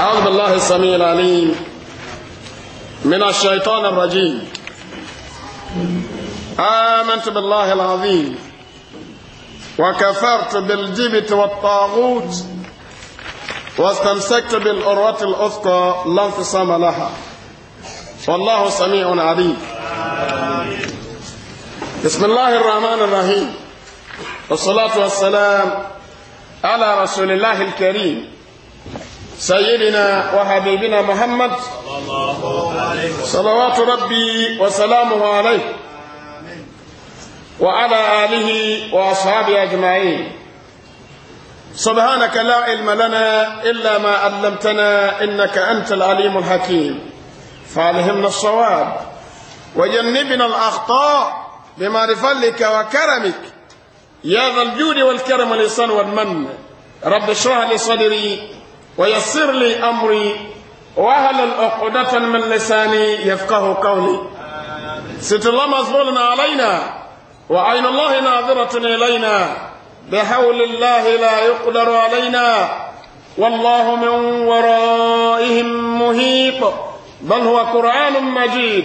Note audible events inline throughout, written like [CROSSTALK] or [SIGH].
أعوذ بالله السميع العليم من الشيطان الرجيم آمنت بالله العظيم وكفرت بالجبت والطاغوت واستمسكت بالأروة الأثقى لا انفصام لها والله سميع عليم بسم الله الرحمن الرحيم والصلاة والسلام على رسول الله الكريم سيدنا وحبيبنا محمد صلوات ربي وسلامه عليه وعلى آله وأصحابه أجمعين سبحانك لا علم لنا إلا ما علمتنا إنك أنت العليم الحكيم فعلهمنا الصواب وجنبنا الأخطاء بما لفلك وكرمك يا ذا الجود والكرم والإحسان والمن رب اشرح لي صدري ويسر لي أمري وهل الأقدة من لساني يفقه قولي ست الله مزبولنا علينا وعين الله ناظرة إلينا بحول الله لا يقدر علينا والله من ورائهم مهيط بل هو قرآن مجيد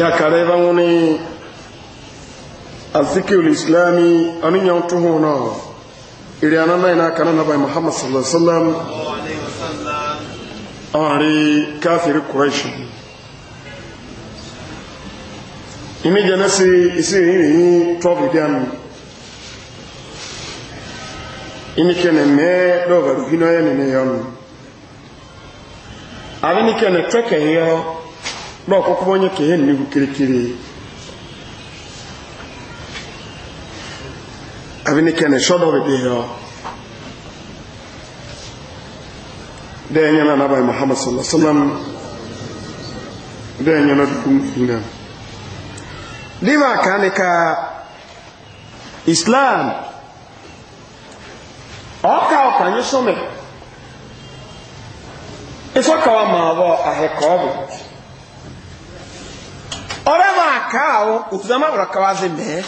ya kare ba wani azikir islami anin yawon tuhu na iriyana na ina kanan na bai muhammad sallallahu alaihi wasallam a ri kafiri kuraishi imi jẹ nasi isi iri ni 12 idiyan imi kene me dọbaru hinoye ne ne yanu abin kene tweke n'ọkụkụ onye ka ihe n'ihu kirikiri abinike na shodo bebe ya da yanyan na nabai muhammad sallallahu alaihi wasallam da yanyan na dukkan duniya lima ka ne ka islam ọka ọkanye sọmẹ ịsọkawa ma ọ bụ ahịkọ ọ bụ oraba kao uzama urakawaze me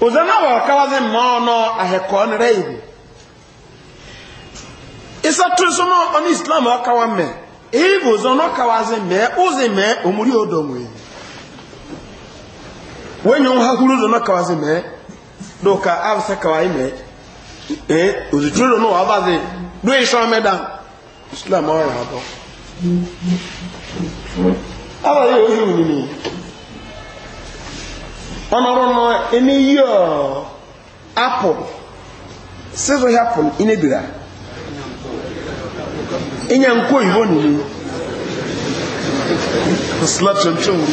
uzama urakawaze mono ahekon reibu isa tusumo on islam akawa me ibu zono kawaze me uze me omuri odonwe wenyo hakuru zono kawaze me doka avsa kawai me eh uzituro no abaze do isha medan islam ora abo awa yɛ oyi onini ɔnɔrɔ no ɛni apụl apple sezo apple inebira ɛnya nko oyibo nini kusula tuntun wuli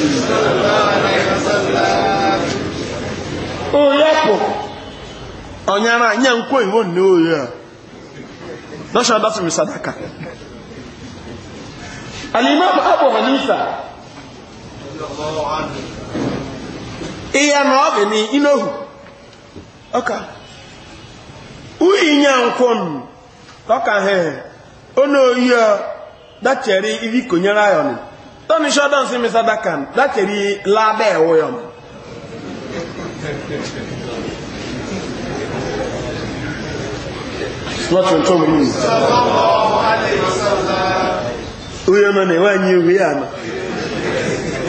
oyi oyibo nini oyi a lɔsɔ adafo sadaka alimami abu hanifa. iya na ọ dị n'inohu ọka uyi nya nkwon ọka he ono oyiyo dacheri iri konyere ayọnụ tọni shọdọn si misa dakan dacheri laada ewu ya mụ lọtụ ntọ mmiri uyi nọ na-enwe anyị ihu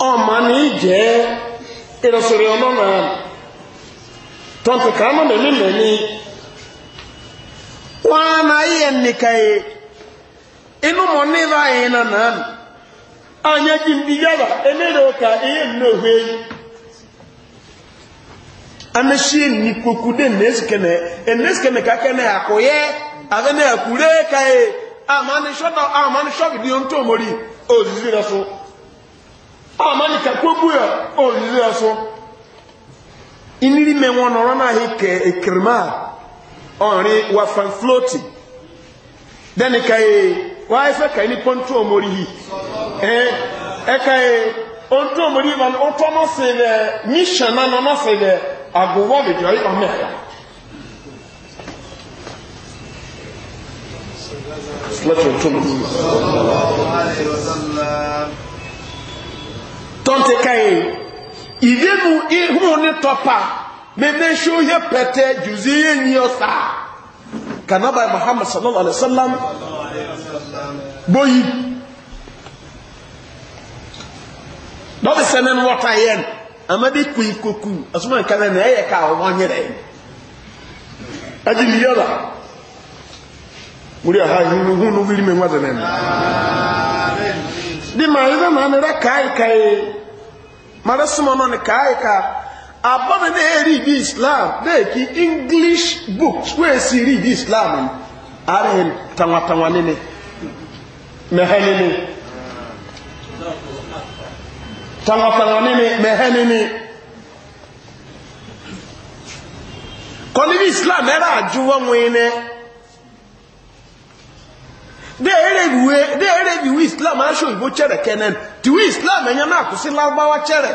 ma na ije ịrụsịrị ọnụ na tọntụ ka ama mene mene wọn na ihe nnika yi e, inu mọ anyị na anya ji ndị yaba emere ụka ihe nnohu eyi anashie nnipoku na nnesikene enesikene kaka na akụye aga na anyị ka anyị e, ama anyị anyị anyị dị ntọ mori ozizi amanika kpokpu ya olili ya so imiri me wọn nọrọ n'ahịa ke ekirima ọrị wafan floti den e ka ye wa efe ka ni pontu omori hi ee eka ye ontu omori ma ụtọ nọsị bụ mishan na nọ nọsị bụ agụwọ bụ jọ ịkpa mmehie tɔnte kae ìdí mu ihu ne tɔpa mene si oye pɛtɛ juzi ye nyiyɔ saa kanaba muhammad sallallahu alaihi wa sallam boyi dɔbi sɛnɛn wɔta yɛn amadi kui koku asoma nkana na ɛyɛ ka ɔmɔ nyerɛ ɛdi liyɔ la wuli aha hunu hunu wuli mi nwa dɛnɛ ni di maa yi dɛ maa mi rɛ kaa yi mara suma no ne kaa ka abana na e read islam na ki english books wey si islam ni ara hen tanwa tanwa ne ne mehene ne tanwa tanwa ne ne mehene ne islam ẹ̀rọ àjúwọ́ wọn ni déèrè bí wí islam aṣọ ìbò kyerẹ kẹnẹ tí wí islam ẹ̀yẹ náà kò sí lágbáwá kyerẹ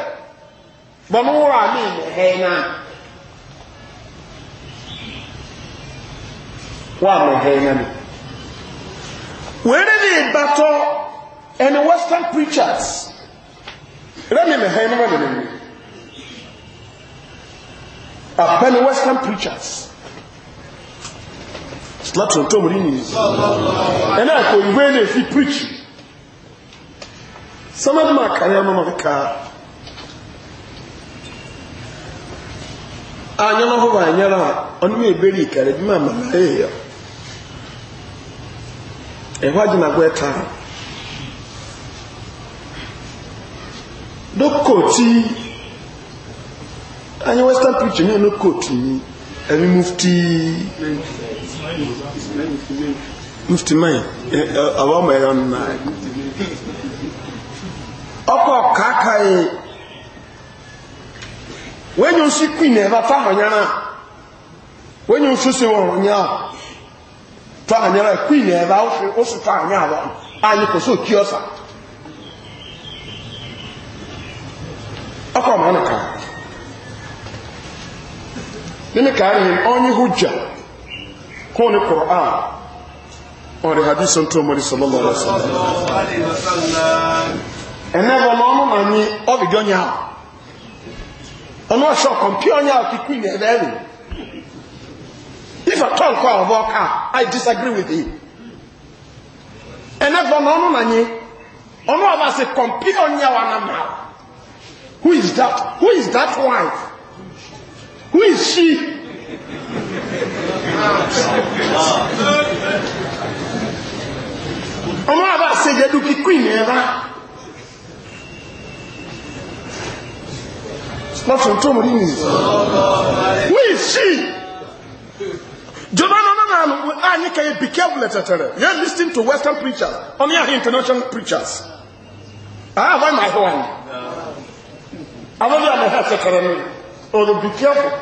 bọ́mú wúrọ̀ àmì ẹ̀hẹ́ náà wọ́n àmì ẹ̀hẹ́ náà ni. wèrè ní ìbátọ́ ẹni western preachers rẹ́mi ẹ̀hẹ́ náà wọ́n mi nìyí àpẹni western preachers. láti ọ̀tọ́ mú nínú ìsìn ẹ̀nà àkọ̀ ìwé lè fi píríkì sọ́mọ́dúnmà kàrí ọmọ kíkà anyánahọ́wà anyára ọdún ìbéèrè ìkàrẹ̀ bí màmà láyé ẹ̀họ́ àjìnàgbọ́ ẹ̀ta lókò tí anyi western preacher ní ọ̀nà kò tì ní mufti mufti mayi ọba ọmọ ẹ̀rọ nù náà ọkọ̀ wọ́n yóò sí queen fáhànyára wọ́n yóò fáhànyára queen ó sì fáhànyára ààyè kò kí ọkọ̀ nínú kó ní quran wọn rí hadith tó mọ́rí sọlọ́lọ́ rẹ̀ sọlọ́ ẹ̀nẹ́ bọ̀ mọ́ ọmọ màá ní ọ́bìjọ́ ní if at all kọ́ àwọn ọ̀ká i disagree with him ẹ̀nẹ́ bọ̀ mọ́ ọmọ màá ní ọmọ ọba sì kọ̀mpíọ́ ní àwọn àmà who is that who is that wife who is she ọmọ àbá àṣẹjẹdú kíkú ìnira lọ́tún tó mọ̀ nínú wíì sí jọba náà náà náà ah, ní kẹyẹ be careful ẹ̀tẹ̀tẹ̀rẹ̀ you're listening to western preachers only our international preachers ah why my horn àwọn bí àmì ẹ̀tẹ̀tẹ̀rẹ̀ ni oh be careful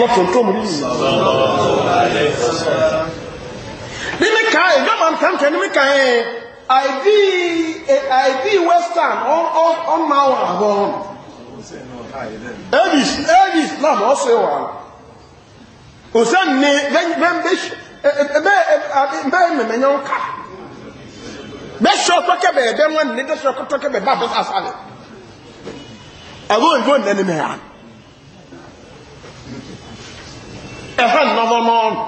lọ́tún tó mú ní ìlú. ní mi ka ẹ̀ e, gbọ́dọ̀ ntẹ̀ntẹ̀ ní mi ka ẹ̀ e. àìdí àìdí western ọ̀nà wà bọ̀ ọ́n. elvis elvis lam ọ̀sẹ̀ wà. òsèǹ ni bẹ́ẹ̀ bẹ́ẹ̀ mẹ̀mẹ̀ yẹn ká bẹ́ẹ̀ sọ tọ́kẹ́ bẹ́ẹ̀ bẹ́ẹ̀ wọ́n ní bẹ́ẹ̀ sọ tọ́kẹ́ bẹ́ẹ̀ bá bẹ́ẹ̀ sá sálẹ̀. àwọn òyìnbó nẹ́ni mẹ́ra. ɛhɔ nnɔbɔ n'ɔnu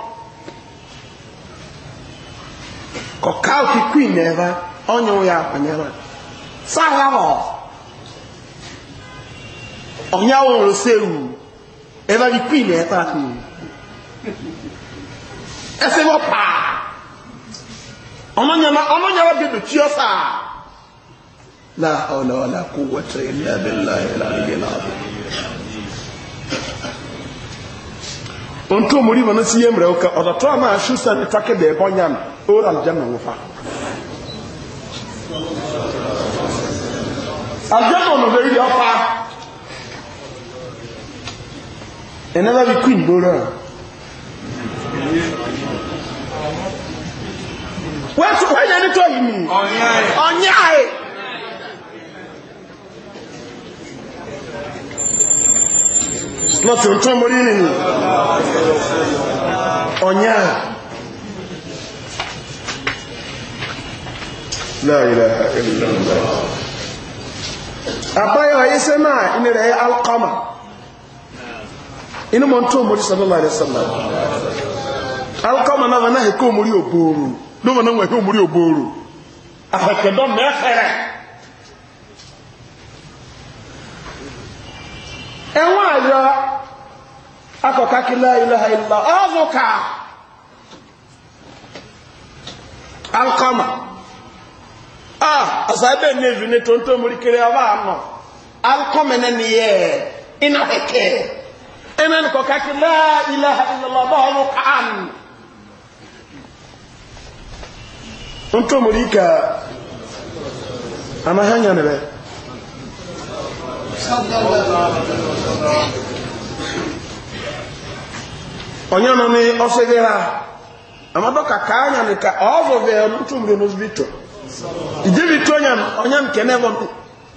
kɔkaa fi queen na ɛba ɔnye wo yɛ akɔnyɛma saa ya wɔ ɔnyɛ awo wɔn sɛ ewu ɛba bi queen na ɛta fi wu ɛsɛ wɔ paa ɔno nyɛma ɔno nyɛma bi do tuyɛ saa la hawla wala quwwata illa billahi al-aliyyil azim onto muri bana si yemre o ka oda to ma shu san take be bonyan o al janna wo fa al janna no be ri ofa enaba bi queen bora wetu wanya ni to himi onyae onyae lọ́tí tó mọ́rí nìyí ọ̀nyá a ìlànà àbáyọ̀ ìṣẹ́ náà na alkama inu mọ́ tó mọ́rí sallallahu alaihi sallam alkama na náà ẹ̀kọ́ mọ́rí òbòrò ló mọ́ ẹnwọ ayọ akọkakila ilọ ha ilọ ọvụka ankọma a ọsọ ebe nyeju ne tonto murikere ọba anọ ankọma ne ne yẹ ịna heke ẹnna ne kọkakila ilọ anụ. ilọ ọba ọvụka onye nọ n'ọsịghị ha amadọka ka anya na ka ọ zọve n'otu mgbe n'ozbito onye onye nke n'ebe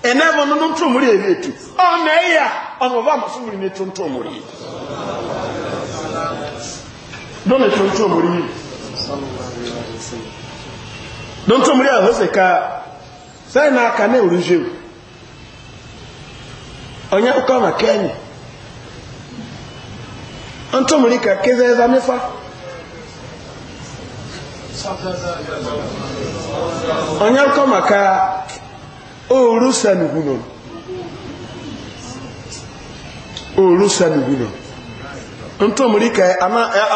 enebo no n'otu mgbe etu ọ na-eyi a amasị mmiri n'etu ntụ mmiri don ntụ ntụ na aka na onye ụka ma kenyi ntụmụrụ ka keze eza mefa onye ụka maka oru sanuguno oru sanuguno ntụmụrụ e,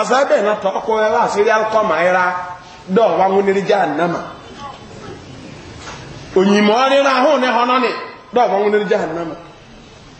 ọzọ ebe na tọkụ ebe asịrị akụkọ ma ịra dọwa nwunere ji anama onye ime ọrịa ahụ na ịhọ ni dọwa nwunere ji anama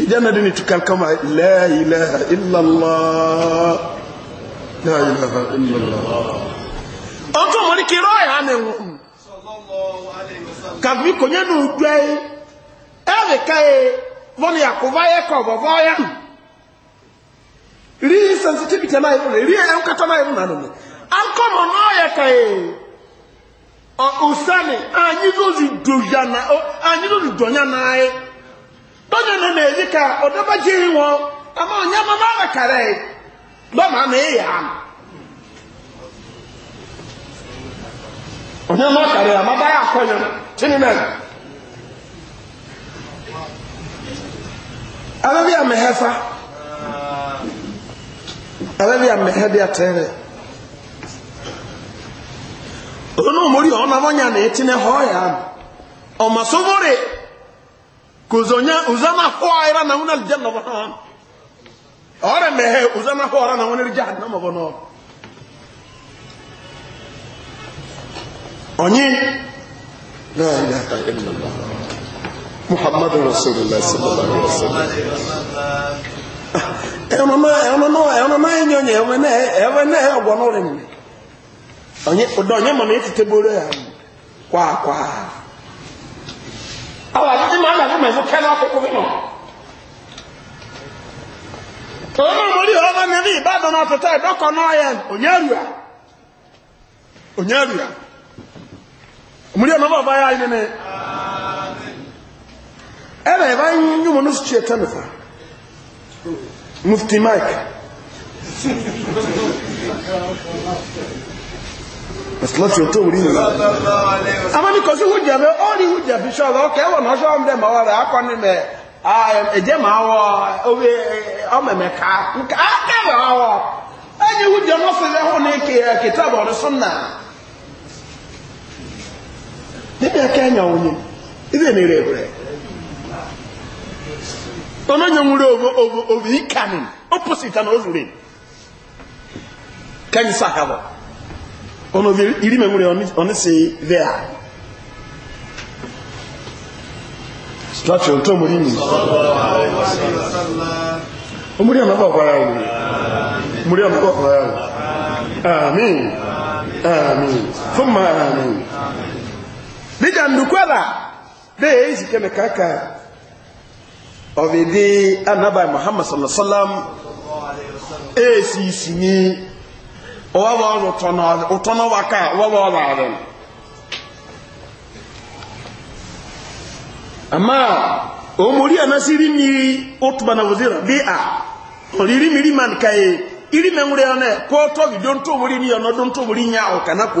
ìjánà dín ka tukar kama láìláha ìlàlá láìláha ìlàlá ọjọ́ mọ̀ ní kí rọ́ ìhà ní wọn ka kò yẹn ní ojú ẹ ẹ̀rì káyé ka ni àkóbá yẹ ya bọ̀bọ̀ yẹ rí sensitivity anyi dɔnyɛ no na ka ɔdɔba gye yi wɔn ama ɔnyama ma ba kara yi lɔma na eyi ha ɔnyama kara yi ama ba yɛ akɔnyɛ no kyini mɛ ala bi amehɛ na ala bi amehɛ bi atɛrɛ onu omori ɔnabɔnya na etine hɔ ya ɔmasomori. kozonya uzana hwaira na una aljanna uzana hwaira na una jahannama bonon onyi la ilaha محمد رسول الله صلى الله عليه وسلم àwọn àti ìmọ̀ àgbà fún mẹ́fún kẹ́lá kókó fínà tòun náà mo rí ọmọ mi ní ìbàdàn náà tètè ìdọ́kọ̀ náà yẹn ònyẹ́rùà ònyẹ́rùà mo rí ọmọ bọ̀ báyà yìí nínú ẹ bẹ̀rẹ̀ bá ń yún mọ́ ní sùtì ẹ̀tẹ́ nìfà mufti mike Ìsìlọ́tì òtó orí yìí. Amánikọ̀ sí hújà bẹ́ ọ́ ní hújà fi ṣọ́ọ̀rọ̀ ọkẹ́ ẹ̀wọ̀n náà ṣọ́ọ̀rọ̀ mẹ́ mọ́ rẹ̀ akọ ní mẹ́ ẹ̀jẹ̀ máa wọ owó ọmẹ̀mẹ̀ ká nká kẹ́wẹ̀ wá wọ. Ẹ̀yin hújà náà sì lẹ́hùn ní kìtà bọ̀ ní súnà. Níbi ẹ̀kẹ́ ẹ̀yàn òye, ibi èmi rẹ̀ rẹ̀. Onóyè ń rí òbí kàní, ó pùsì ìtàn ó zùrè. Kẹ́yìn sáà kábọ̀. ono vile ilime onisi there structure to muri ni omuri ana baba ya ni muri ana baba ya amen amen thumma amen bija ndukwala de isi keme kaka obidi anaba muhammad sallallahu alaihi wasallam esi Wa ọ̀tọ́nà wákà ọwọ́wọ́ ọ̀rọ̀ ààrẹ àmá òmòrí àná sí rí mi na wòzíra bí a ọ̀rírí mi rí màn káyé irí mẹ́wúrẹ́ ọ̀nà kó tọ́bì dó ń tó wórí ní ọ̀nà dó ń tó wórí yá ọ̀kàná kó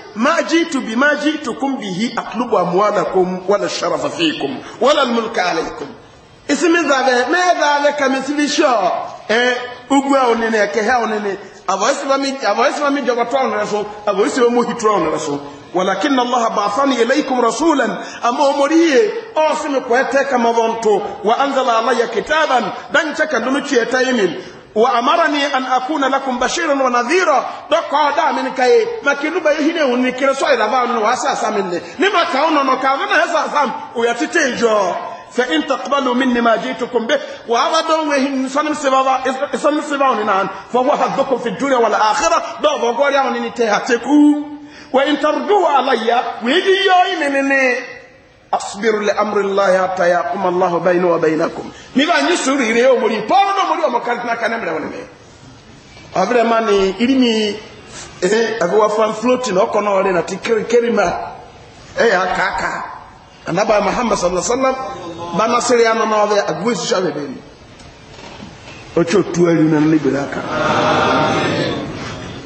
maji maji ما جئت بما جئتكم به أطلب أموالكم ولا الشرف فيكم ولا الملك عليكم اسم ذا ما ذلك مثل شاء ugbu a onene ekehe onene avoisimami jobatoa onere so avoisimamu hitoa onere so walakin allah ba'athani ilaykum rasulan ama omoriye osimi kwete kama kamavonto wa anzala alayya kitaban dan chaka ndumi chiyeta yimin وأمرني أن أكون لكم بشيرا ونذيرا دقا دا من كاي ما كنو با يهيني وني كرسو إذا بان واسا سامني لما كاونا نكاونا هسا سام ويتتنجو فإن تقبلوا مني ما جئتكم به وأبدا وهن سنم سبابا سنم سبابا نان فهو حظكم في الدنيا والآخرة دو بقول يا وني تهتكو وإن تردوا علي ويجي يوي مني asibiru le amurilayi ataya kumalahu bayinu wa bayinakum mi b'a ni suru yire y'o mori pɔnkɔ n'o mori o ma kantina kan ne mɛrɛ wɛrɛ mɛ a vraiment ni iri mi ee eh, a bɛ wafan floating o kɔnɔ o na ti kiri kiri ma e y'a kaa kaa anaba muhammad sallallahu alaihi wa sallam bana sere ya nɔnɔ bɛ a gbɛ sisa bɛ bɛ yen o tí o tu ɛri na ne gbɛrɛ kan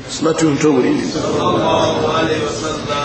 silatu n tó wuli ni. sallallahu alaihi wa sallam.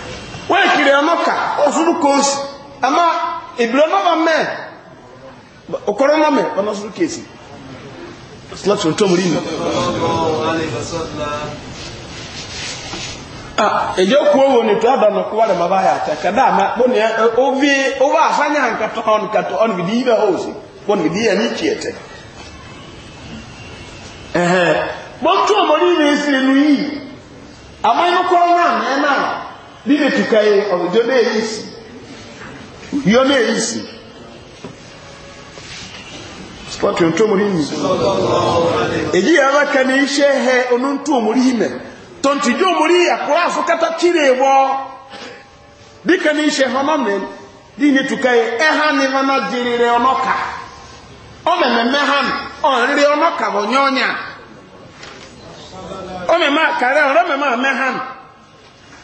wọ́n kiri ọmọ ká ọ̀sùnú kóòsì àmà ìbílẹ̀ ọmọ bá mẹ́ ọmọ mẹ́ ọmọ ọ̀sùnú kéèsì slọ́tù tó mú rí mi. èdè okú owó ni àdánù kó wà lè má yà tẹ kẹdà àmà bóni nkàtọ lílé tùkẹ́yẹ ọ̀rọ̀jọ́ náà yìí sí yọ náà yìí sí spọ́tù ntòmùrí mi èyí yàrá kan ní iṣẹ́ hẹ onúntòmùrí mẹ́ tontìjọ́ òmùrí àkúrà kírè wọ́ dika na iṣẹ́ hàn mẹ́ lílé tùkẹ́yẹ ẹ̀há ni wọn ọ̀rẹ́rẹ́ wọ̀ nyọ́nyà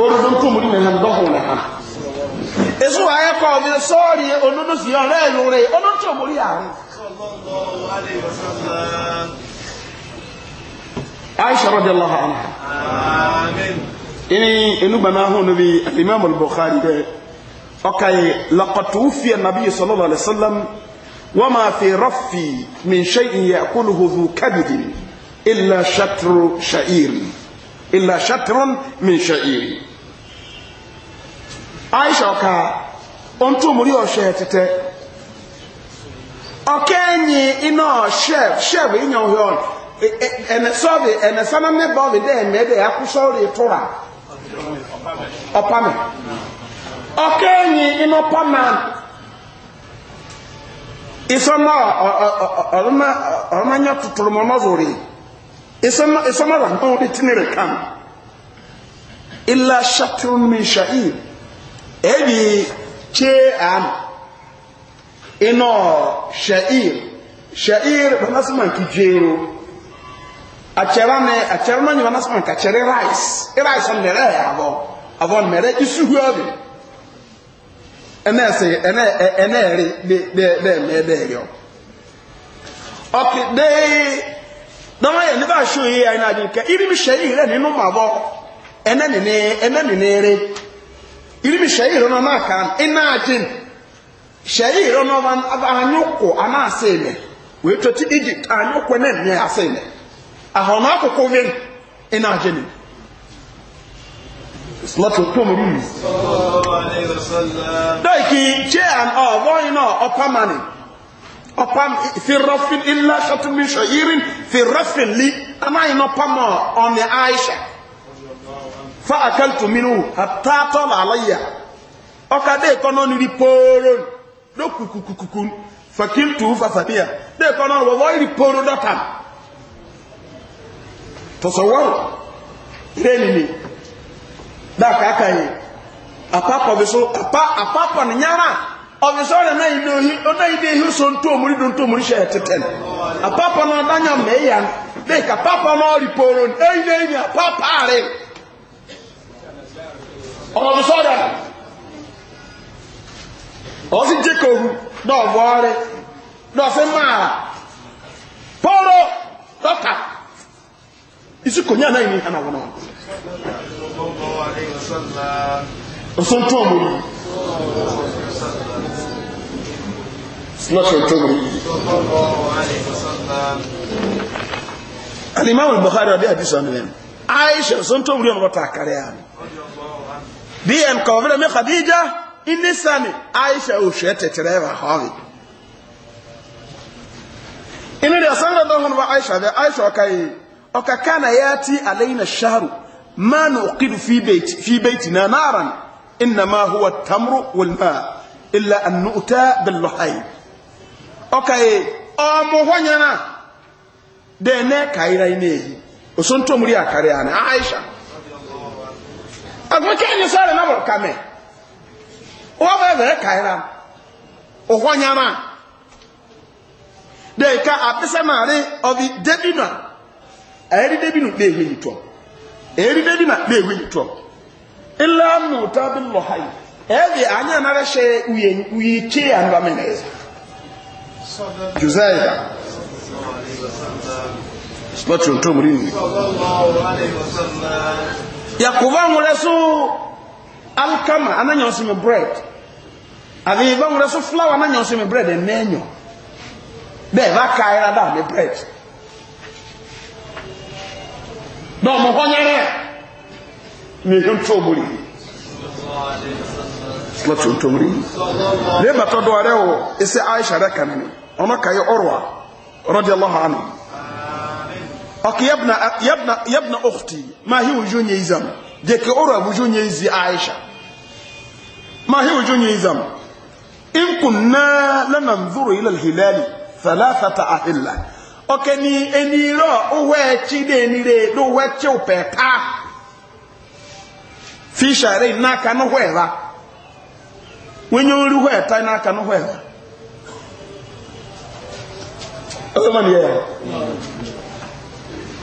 bóòrò tó mú nínú ẹ̀hàn lọ́hùn rẹ̀ hàn èso ayẹ́kọ̀ mi sọ́ọ̀rì onúdó sí ọ̀rẹ́ ìlú rẹ̀ onúdó tó mú rí àrùn. aisha rọ̀jẹ̀ lọ́hà ọ̀nà ini enugbama ahun nobi alimami al-bukhari dɛ ɔkaye lakɔtu fiyɛ nabi sallallahu alaihi wa sallam wama fi rafi min shayin yɛ kulu huhu kabidin illa shatru sha'iri illa shatrun min sha'iri aisha ọka ohun tó mú rí ọ̀ṣẹ́ tẹ́tẹ́ ọ̀kẹ́ ẹ̀yìn iná ṣẹ́f ṣẹ́f ìyàn hàn e, e, ẹ̀nẹ́sọ́ọ̀bì ẹ̀nẹ́sánamẹ́bọ̀ọ̀bì dẹ́ mẹ́ẹ̀dẹ́ akúsọ́ọ̀rì tóra ọ̀pámẹ́ ọ̀kẹ́ ẹ̀yìn iná pàmà ìsọmọ ọ̀rọ̀mányà tuntun mọ́ nọ́zọ̀rì ìsọmọ rà náà kan ilá ṣàtúnmí ṣàhìn ebi che am ino sha'ir sha'ir banasman ki jero a chere ne a no nyima nasman ka chere rice e rice on mere ya abo avon mere isu hu abi ene se ene ene ri de de de me de yo okay de na wa ye ne ba show ye ai na di ka iri mi sha'ir ene no mabo ene ne ene ne re irimi shayiri no na kan ina ajin shayiri no ban abanyoko ana aseme we toti egypt anyoko na me aseme ahoma akoko vin ina ajin Slatu to mo rin. Sallallahu alaihi wasallam. Dai ki che an o boy no o pamani. O pam fi rafin illa shatun min shayirin fi rafin li ana ino pamo on Aisha. fa akaltu minhu hatta tala alayya oka de kono ni poro do kukukukun fakiltu fa sabia de kono wo wo ri poro do tam tasawwar renini da aka kai apapa bi so apa apapa ni nyara obi so re na ido hi o na ide hi so nto omuri do nto omuri she teten apapa no danya meya de ka papa no ri poro ei de ni apapa are ọmọ bí sọ́dà ọ sì jẹ́ kòhù náà wọ́ọ́rẹ́ náà fẹ́ máa pọ́rọ́ dọ́kà isi kò ní àná ìní hàn àwọn ọmọ ọ̀sán tó ọmọ yìí tó ọmọ yìí alimami buhari ọdí àdísọ́ ni aisha ọ̀sán tó ọmọ yìí ọmọ bọ́ta àkàrẹ́ àmì bí ẹn kọ̀ mi khadija iní sani aisha oṣù ẹ tẹ̀tẹ̀rẹ̀ wà họ́ọ̀bì inú rẹ̀ sọ́nà tó hùn wá aisha bẹ aisha ọ̀ka yìí ọ̀ka kánà yá ti àlẹ́yìn ṣáàrù mánu òkìdù fi bẹ́ẹ̀tì náà náàrà iná máa huwa tamru wòlmá ilà ànú òtá bẹ̀lọ́hàì ọ̀ka yìí ọmọ hwanyana dẹ̀ ẹ̀nẹ́ kàyíra iná èyí òsùn tó múrí àkàrẹ̀ àná aisha. agbẹ́kẹ́ ẹni sáré náà wọ̀rọ̀ kàmẹ́ wọ́n bẹ̀rẹ̀ bẹ̀rẹ̀ kàíra ọ̀họ́ nyama ka apịsa àpísẹ́màrí ọ̀bí débìnà ẹ̀rí débìnà léèwé yìí tọ̀ ẹ̀rí débìnà léèwé yìí tọ̀ ilé ọmọ òtá bí lọ ha yìí ẹ̀bí anyá náà ṣe yakuba nwere so alkama ananyɔnso mi bread abiyiba nwere so flour ananyɔnso mi bread ɛnɛɛnyɔ bɛɛ ba kaayira da mi bread na ɔmo hɔ nyɛrɛ mi yɛ ntomori silati ntomori ne batɔ dɔwɛrɛ wo ese ọnụ ka kan ọrụ a, ọrụ ɔrwa rɔdi allah anu. ok yabna yabna yabna ukhti ma hi wuju nyizam de ke ora wuju nyizi aisha ma hi wuju nyizam in kunna lananzuru ila alhilal thalathata ahilla ok ni eniro uwe chi de enire do we chi upeta fi share no hwela wenye ori hweta na ka no hwela Ọlọ́mọ ni ẹ̀.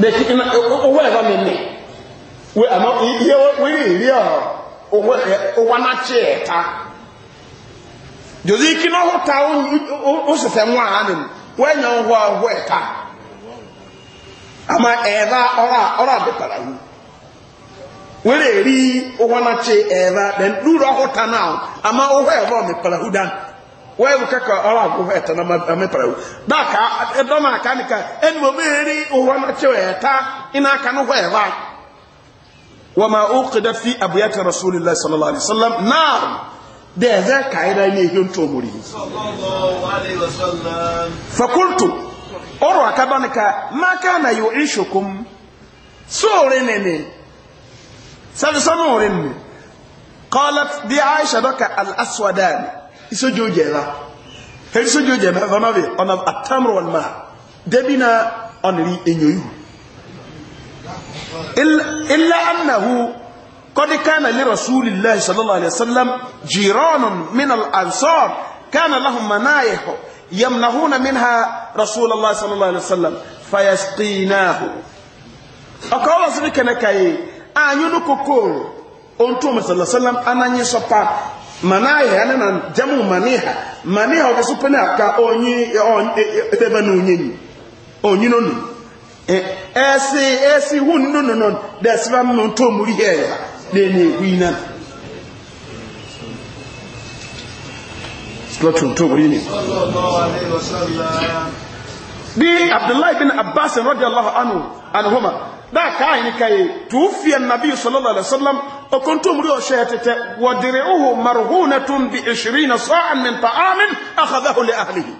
deki ina owó ẹ̀fọ́ mi ní àmọ́ iye wíri ìrí ọ̀rọ̀ owó anákyé ẹ̀ta jòzí kí náà hóta ó sẹsẹ mú àá wọ́n ẹ̀yàn ń hó ọ̀hó ẹ̀ka owó dẹ̀ náà àmọ́ owó ẹ̀fọ́ mi wewe kaka alago heta na ametrawo daka edoma kanika enmo beri uwana cheweta ina kanu hweva wama uqida fi abiyat rasulillah sallallahu alaihi wasallam nar de za kaira ne hin to muri sallallahu alaihi wasallam fakultu oro akabanika ma kana yuishukum sore nene sabi sanore nene qalat bi aisha daka al aswadan isojo he isojo jema vama vi ona atamru wal ma debina onri enyoyu illa annahu قد كان لرسول الله صلى الله عليه وسلم جيران من الأنصار كان لهم منايح يمنهون منها رسول الله صلى الله عليه وسلم فيسقيناه أقول لك أنك أن ينكو أنتم صلى الله عليه وسلم أنا نصبت ha ya na jamu maniha maniha ọkọ sọpẹ e, e, e, na ka onyi ebe na onye ni onye nonu esi ẹsẹ hu nínú nínú dẹsẹ bá mímú tó mú rí ẹ na lẹni èkú yìí náà. abdullahi bin abbas anhu anhu da ka yi kai tufiyan nabi sallallahu alaihi wasallam o kun to muri o she tete wadri'uhu marhunatun bi 20 sa'an min ta'amin akhadahu li ahlihi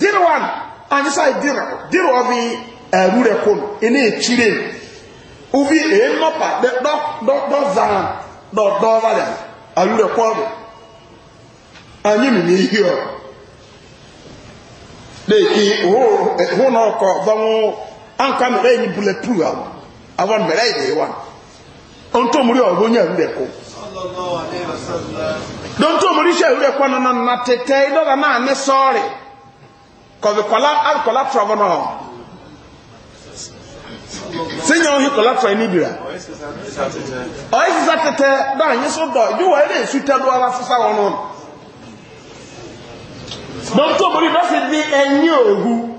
dirwan an sai dirwa dirwa bi arure kun ene chire ubi e mopa de do do do zan do do vale arure ko do anyi mi ni hiyo de ki anka mẹrẹ yìí bulẹ tu àwọn àwọn mẹrẹ yìí wà ohun tó mú rí ọ̀rọ̀ yẹn rẹ̀ kó. don tó mú rí sẹ́yìn rẹ̀ kó nínú na tètè ìdọ́gba náà ní sọ́ọ̀rì kọ̀bí kọ́lá alukọ́lá tọ̀rọ̀ náà sẹ́yìn ọ̀hìn kọ́lá tọ̀rọ̀ ní ibìrà ọ̀hìn sísá tètè dáa yín sọ dọ̀ ìdíwọ̀ ẹ̀rẹ́ èsù tẹ́lu ara ala wọn náà don tó mú rí bẹ́sẹ̀ ní ẹ̀yìn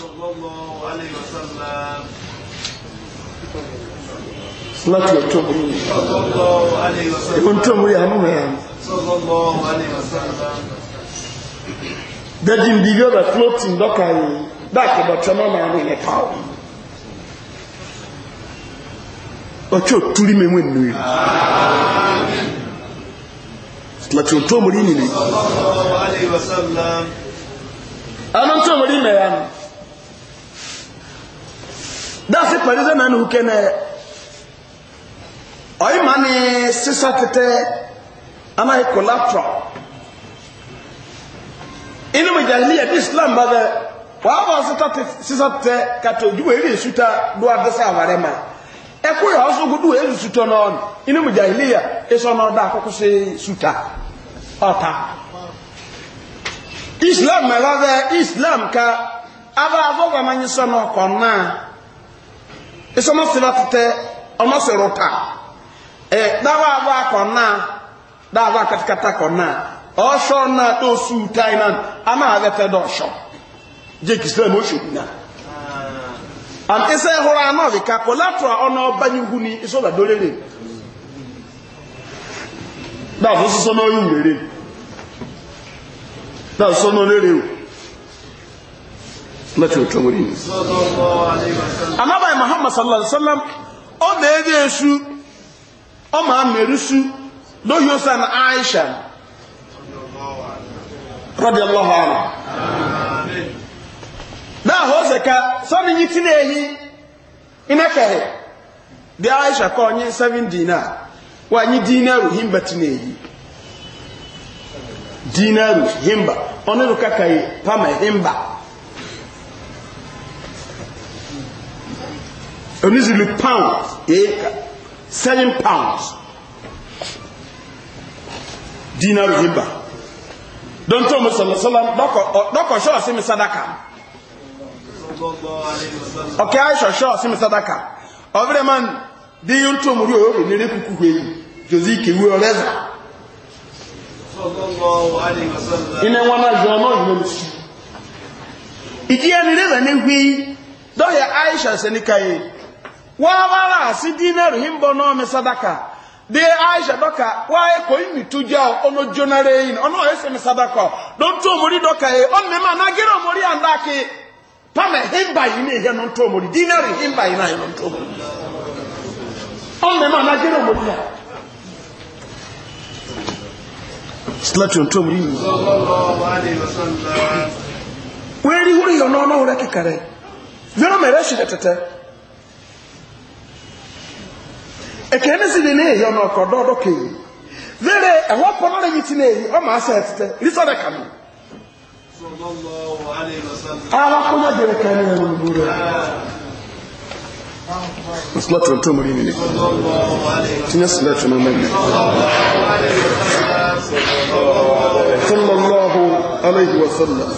صلى الله عليه وسلم floating dasi parize na nuke na oyi ma ni sisa tete ana yi collateral islam ba de wa ba sita sisa esuta do adesa aware ma ẹkú yà ọsọ gudu ezu sutọ n'ọnù inu mi ya sí ọta islam islam ka náà. isɔmɔ sila tɛ ɔmɔ sɔrɔ ta ɛ daba ava kɔnna daba katakata kɔnna ɔsɔ na tó su tai na ama avɛ tɛ dɔ sɔ jake islam o sɔbi na and isɛ hɔrɔ anɔ bi ka kolatura ɔnɔ banyihu ni isɔba dole le dafo sɔsɔ n'oyin wele dafo sɔsɔ n'olere o. láti ọ̀tọ́ orí ni. Anábàá Muhammad sallallahu alaihi wasallam, ọ na-ede esu, ọ ma merisu, sa na Aisha, rọ́dí Allah ọ̀rọ̀. Náà hó zaka, na-ehi, iná Aisha kọ́ onye 7 dina wà nyí dinaru himba tí na-ehi. Dinaru himba, pàmà himba. oníṣìlú pound éèkà seven pounds dinar himba dọ́ntọ́ mi sọ̀rọ̀ sọ́lá dọ́kọ̀ ṣọ́ọ̀sì mi sadaka ọ̀kẹ́ àìṣọ̀ ṣọ́ọ̀sì mi sadaka ọ̀bẹ̀rẹ̀ man bí yóò tó mú rí òwúrò nílé kúkú hu èyí jòzí kèwé ọ̀rẹ́zà iná wọn náà jọ náà yìí lórí sí ìdí ẹni rẹ̀ ní wí dọ́yà àìṣọ̀ sẹ́nìkà yìí wawara asi dinar himbo no me sadaka de aisha doka wae ko imi tuja ono jonare in ono sadaka don to mori doka e on me ma na ndaki mori andaki pame himba ihe he non to mori dinar himba ina he non to ma na omori mori ya salatu on to mori sallallahu alaihi wasallam weri mere shi ekene si de ne eyo na okodo do ke vere eho pono re yiti ne eyi o ma sa tete riso de kanu sallallahu alaihi wasallam ala kuma de re kanu ne ngure Maslatu mtu mwingine ni. Tina salatu na mimi. Sallallahu alayhi wa sallam.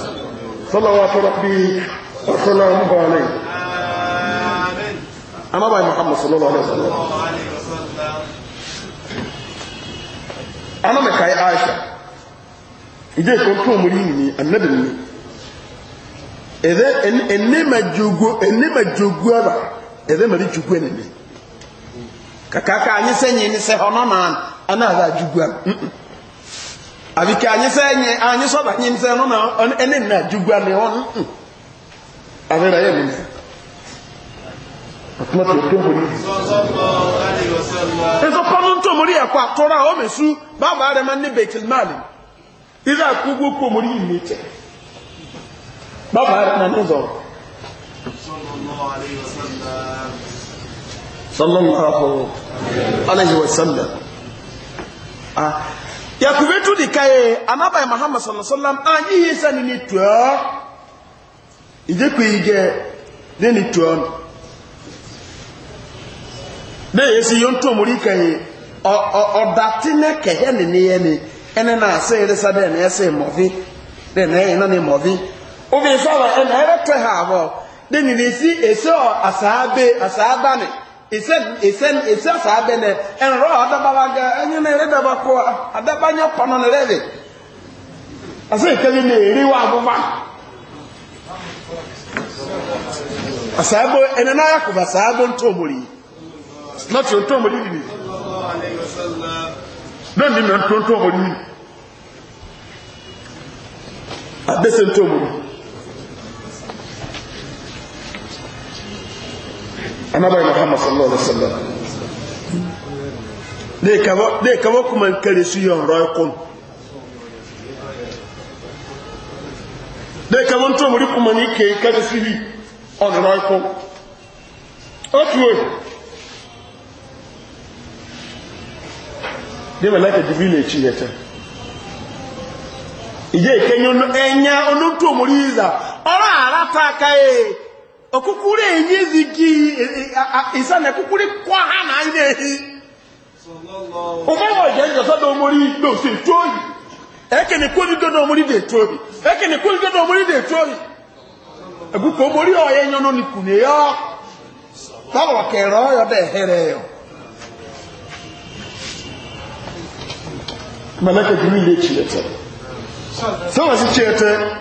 Salawatu rabbi wa salamuhu alayhi. Amen. Ama bai Muhammad sallallahu alayhi wa sallam. ana mai kayi aisha ije ko to muri ni annabi ni ede enne ma jogo enne ma jogo aba ede ma jogo ne ni kaka ka anyi senye ni se hono na ana za jogo aba abi ka anyi senye anyi so ba nyi se no na enne na jogo aba ne hon abi ra ye ni Akmat yo tempo ni. Sallallahu alaihi wasallam. omori ẹ̀kọ́ àtọ́rà ọmọ̀sú bàbá rẹ̀ máa ní bẹ̀tìl máàlì ìdá àkúgbó kú omori yìí ní tẹ̀ bàbá rẹ̀ máa ní zọ̀rọ̀ sallallahu alaihi wasallam ah, yakube tu di kaye anaba ya muhammad sallallahu alaihi wasallam anyi ah, yi sani ni tuwa ije ku ige de ni tuwa de yesi yon tuwa muri kaye ọdati ne kɛhɛ ne ne yɛ ne ɛne na ase yɛ resa na ɛsɛ mɔvi dɛ na ɛyɛ na ne mɔvi obi nsɔba ɛna ɛbɛ tɛ ha abɔ de ne ne ese ɔ asaa be asaa ba ne ese ese ese asaa be ne ɛnrɔ adaba ba na ɛrɛ daba kɔ adaba nya pɔnɔ ne rɛ de ase kele ne eri wa ntomori na tɛ ntomori bi bi. náà ní mẹ́rin tó ń tó ọmọdé yìí àdẹ́sẹ̀ tó ọmọdé anábàáyé muhammad sallallahu alaihi wasallam dai kawo kuma kare su yawan raikon dai kawo tó ọmọdé kuma ní kèé kare su yìí ọ̀nà raikon ó ní mẹ́lẹ́kà jìbí lè ci yẹtẹ ìjẹ́ ìkẹyìn ẹ̀yẹ onótó mórí ìzà ọ̀rọ̀ àrátà káyé òkúkúrẹ́ èyí zigi ìsànlẹ̀ kúkúrẹ́ kọ́ ha náà ilé èyí ọmọwọ̀ ìjẹ́ ìjọsọ́dọ̀ mórí lòsì tóyì ẹ̀kẹ́ni kólídọ́dọ̀ mórí dè tóyì ẹ̀kẹ́ni kólídọ́dọ̀ mórí dè tóyì ẹ̀kúkọ̀ mórí ọ̀yẹ́ yọ́nà nìkùnlé yọ́ malaka jibril ya cire ta sama su ce ta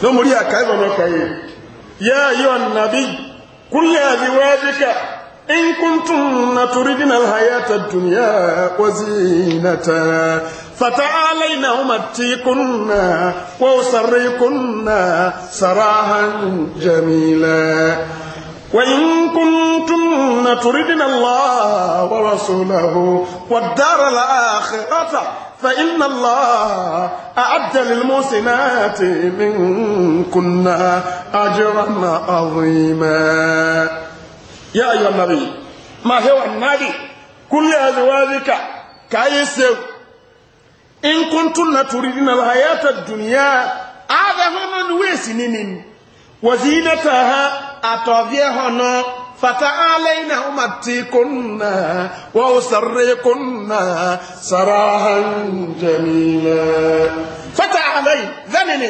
don muri a kai zama ka yi ya yi wa nabi kulle a ziwajika in kuntum na turidin alhayatar duniya wa zinata kunna umartikunna wa usarrikunna sarahan jamila وإن كنتن تردن الله ورسوله والدار الآخرة فإن الله أعد للمحسنات منكن أجرا عظيما يا أيها النبي ما هو النبي كل أزواجك كايسو إن كنتن تردن الحياة الدنيا هذا هو من ويسنين وزينتها àtọ̀víẹ́ hànà fata alẹ́yìn náà ọmọ tí kò nà wọ́n ó sàrẹ́ kò nà sàrà jẹ̀mílẹ̀. fata alẹ́yìn bẹ́ẹ̀ ni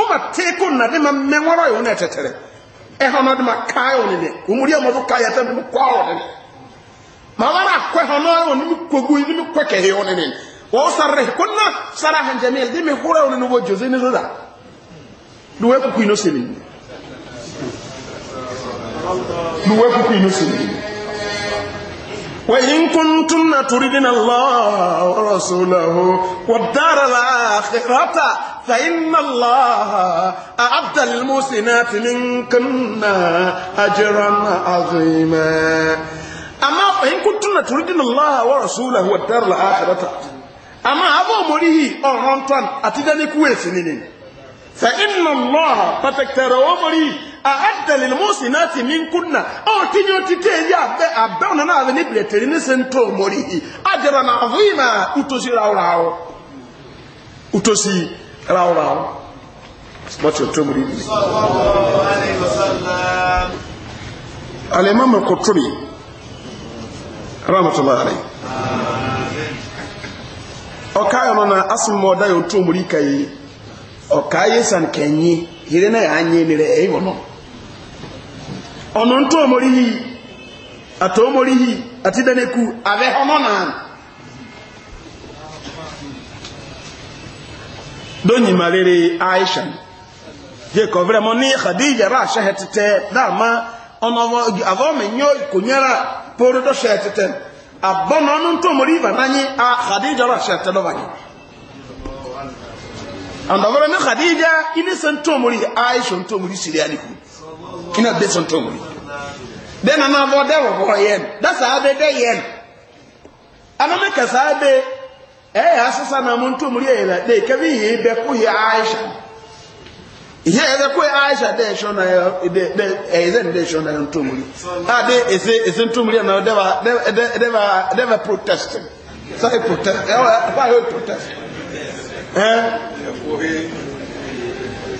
ọmọ tí kò nà ní ma mẹ́wọ́rọ̀ ìwọ̀n náà tẹ̀tẹ̀rẹ̀ ẹ̀ hànà ní ma káyà òní ni òmùrí ọmọ tó káyà tẹ́ ní kọ́ ọ̀rọ̀ ni. màá wà náà kọ́ hànà òní mi kogu ní mi kọ́ kẹ̀hẹ́ òní ni wọ́n ó sàrẹ́ kò nà sàrà jẹ̀mílẹ̀ dí mi ni wọ́n jòzé duwe kúkú iná sẹ́mi نوافق نسلي وإن كنتن تريدن الله ورسوله والدار الآخرة فإن الله أعد للمحسنات منكن أجرا عظيما أما فإن كنتن تريدن الله ورسوله والدار الآخرة أما أبو مريه أرهنتان أتدني كويس فإن الله فتكتر ومريه aadda lil nati minkunna o tinyo tite ya be abe ona na ave ni breteri ni sento morihi ajara na azima utosi raurao utosi raurao sbati otomuri sallallahu alaihi wasallam al imam al-qurtubi rahmatullahi alayhi ọkaayọ na asụmọ ọdayo otomuri kai ọkaayọ san kenyi hire na ya anya nire eyi wọ nọ ọ̀nà tó omori yìí àtò omori yìí àti dẹ́nẹ́kù ààrẹ ọmọ náà lóyìn màrèrè aisha jacob rẹ̀ mọ́ ní khadija rà ṣẹ́hẹ̀ títẹ́ dáàmá ọ̀nà àvọ́mẹ̀ yóò kònyẹ́ra pòrò ṣẹ́hẹ̀ títẹ́ àbọ́nà ọ̀nà tó omori yìí bàná yìí a khadija rà ṣẹ́hẹ̀ tẹ́ lọ́wọ́ yìí àndọ̀gọ́rọ̀ ní khadija ilé sẹ́ ń tó omori You ina de eh, son tongo eh, Then I'm not there de wo bo yen da sa be de yen ana me ka sa be eh asasa na mo ntum ri to de ka bi yi be ku ya aisha ihe eze ku ya aisha de sho na de de eze de sho na ntum ri a de eze eze ntum ri na de They de They ba de ba protesting sai protest eh ba yo protest eh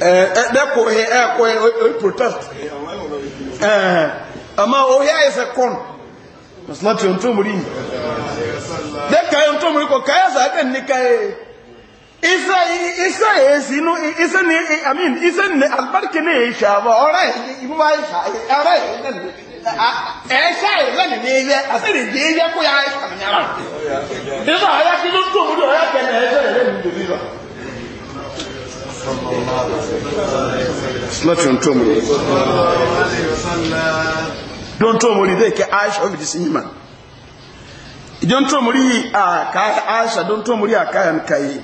eh de ku he eh ku eh, protest ama ohia ayɛ sɛ kɔn masalati ɔntomori de kae ɔntomori kɔ kae saa ɛdɛ nne kae isa isa esi no isa ne i mean isa ne alibarika ne ehyɛ aba ɔra ibuba ehyɛ ɔra ɛhyɛ ɛhyɛ ne ne yɛ ase ne de yɛ ko yɛ ayɛ kanyara isa ɔya ti no ntomori ɔya kɛ na ɛhyɛ ne ne mu de bi slọ́tì ohun tó mọ̀lẹ́ don tó mọ̀lẹ́ dé kẹ́ aisha of this human don tó mọ̀lẹ́ aisha don eh, oh, tó mọ̀lẹ́ àkáyà nìkàyè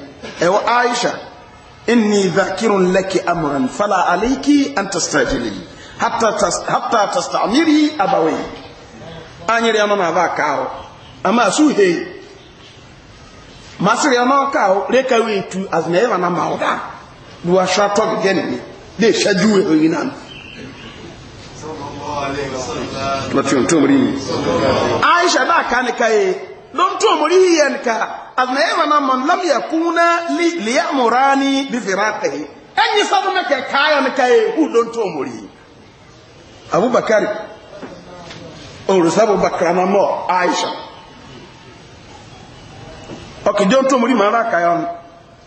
ẹ̀wọ̀ aisha inni zakirun lẹ́kẹ̀ amuran fala alaiki an tastajili hatta tastamiri abawai an yi rẹ̀ na ba kawo amma su he masu rẹ̀ na kawo rẹ̀ kawai tu azinayi wa na ma'auda duwa shatog gani ne dé ṣẹ́jú ìròyìn náà lọ́tíwọ̀n tó mú rí yìí aisha bá ká nìka yìí ló ń tó mú rí yìí yẹn nìka àtúnyẹ́ wọn náà mọ̀ lámìyà kún náà lìyà múra ní bífìrà tẹ̀ yìí ẹ̀yìn sábà mẹ́kẹ̀ káyọ̀ nìka yìí hù ló ń tó mú rí yìí abubakar òrùsàbò bakranamọ́ aisha ọkìjọ́ tó mú rí màá káyọ̀ nìka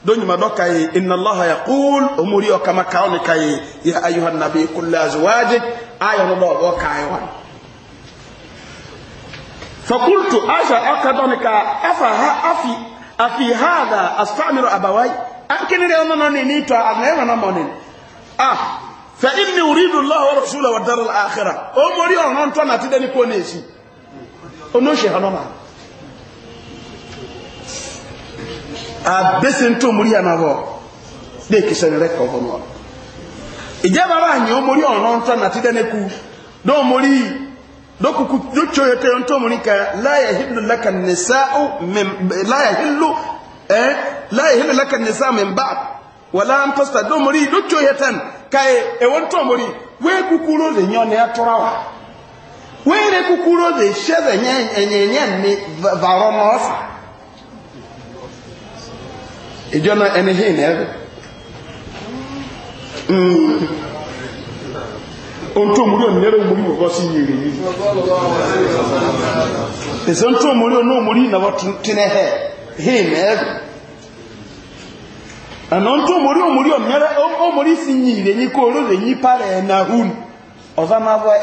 don ma doka yi inna allaha yaqul umuri o kama ka on kai ya ayuhan nabi kullu azwajik aya no do kai wan fa qultu asha akadonika afa ha afi afi hada astamiru abawai akini re ono ni ni to anayo na moni ah fa inni uridu allaha wa rasulahu wa dar al akhirah umuri o non to na tidani ko nesi ono she hanoma abese nto muri anabo de kisere ko bono ije baba nyi omuri ono nto na tidene neku, do muri do kuku do choyote nto muri ka la yahillu nisa nisa'u min la yahillu eh la yahillu lakan nisa'u min ba'd wala an tasta do muri do choyotan kai e wonto muri we kukuro de nyone atorawa we re kukuro de sheze nyenyenyenye ni varomosa ìjọ náà ẹni hìn ẹ̀rẹ̀ mm. ohun tó múrí òní ẹ̀rẹ̀ sí yìí ìsẹ́ ohun tó múrí òní múrí ìnàwó tínẹ̀ hẹ̀ hìn ẹ̀rẹ̀ àná ohun òmúrí òní ẹ̀rẹ̀ sí yìí oró yí hùn ọ̀zá máa bọ́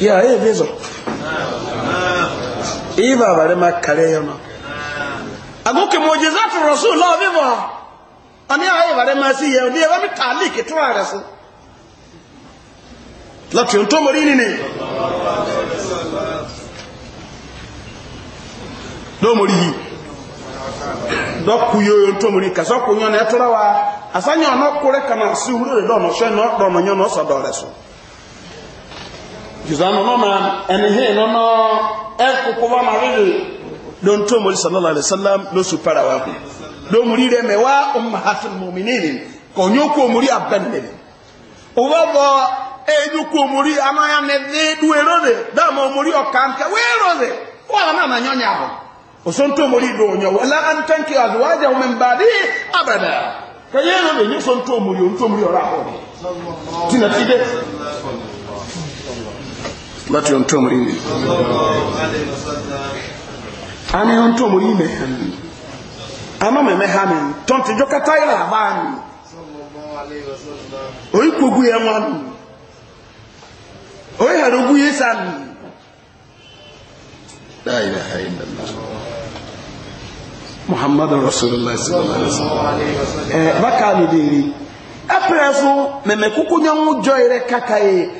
ya ye bezo iba bare makare yono agoke mu'jizatu rasulullah bibo ani aye bare masi si ni ba mitali kitwa rasul láti ohun tó mọ̀rí nínú lọ́mọ̀rí yìí dọ́kùyọ ohun tó mọ̀rí kàsọ́kùnyọ́ na ẹ̀tọ́rọ wa àsáyàn ọ̀nà kúrẹ́kànà sí orílẹ̀-èdè ọ̀nà ṣẹ́ ọ̀nà ọ̀sọ̀dọ̀ rẹ̀ kìsànù náà máa ẹni hìn nínú ẹkùnkùn bá máa rírì ló ń tó mọ́lì sàlọ́lá àlẹ́sàlám ló sùn para wa ló mú rí rẹ mẹ́wàá ọmọ hasan mọ̀mìnì ni kò ní kó mú rí abẹ́nìlẹ̀ òwò bọ̀ ẹ̀yìn kó mú rí amáyánẹ́dẹ́ dúwẹ́rọ́ rẹ̀ dáàmú mú rí ọ̀kà nkẹ́ wẹ́rọ́ rẹ̀ wọ́n náà máa nyọ́nyà bọ̀ òsùn tó mú rí lóòyìn wọlé àǹtẹ́ńkì àdúwájà ọmọ mbàdí abẹ́dà kẹyẹ́ náà lè ní sọ́n tó mú rí ọ̀rọ̀ àkọ́rẹ́ tìǹtì dẹ́ láti ohun tó mú rí a ní ohun tó mú rí mẹ́ àmọ́ mẹ́mẹ́ ha mi tó ń tẹjọ́ kátá ìlà àbá mi orí kogú yẹn wọn nù orí hàrá ogú yẹn sá nù láìlà àìlà muhammadu rasulillah sallallahu alaihi wasallam ẹ eh, bákan mi dèrè ẹ pẹrẹ fún mẹmẹ kúkú nyẹ jọ yẹrẹ kàkà yẹ.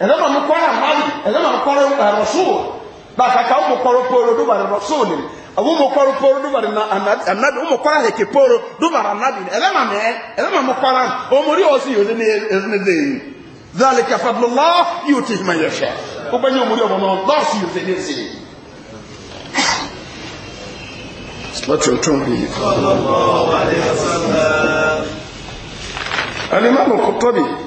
ɛnɛma mo kɔrɔ aman ɛnɛma mo kɔrɔ ɛrɔsool bakaka wo mo kɔrɔ pooro do bari rɔsool ni awo mo kɔrɔ pooro do bari anabi wo mo kɔrɔ heke pooro do bari anabi ni ɛnɛma mɛ ɛnɛma mo kɔrɔ omori ɔsi yi o de ne ɛdi ne de yi zalika fadlullah yi o ti ma yɛ fɛ o bɛ de ne se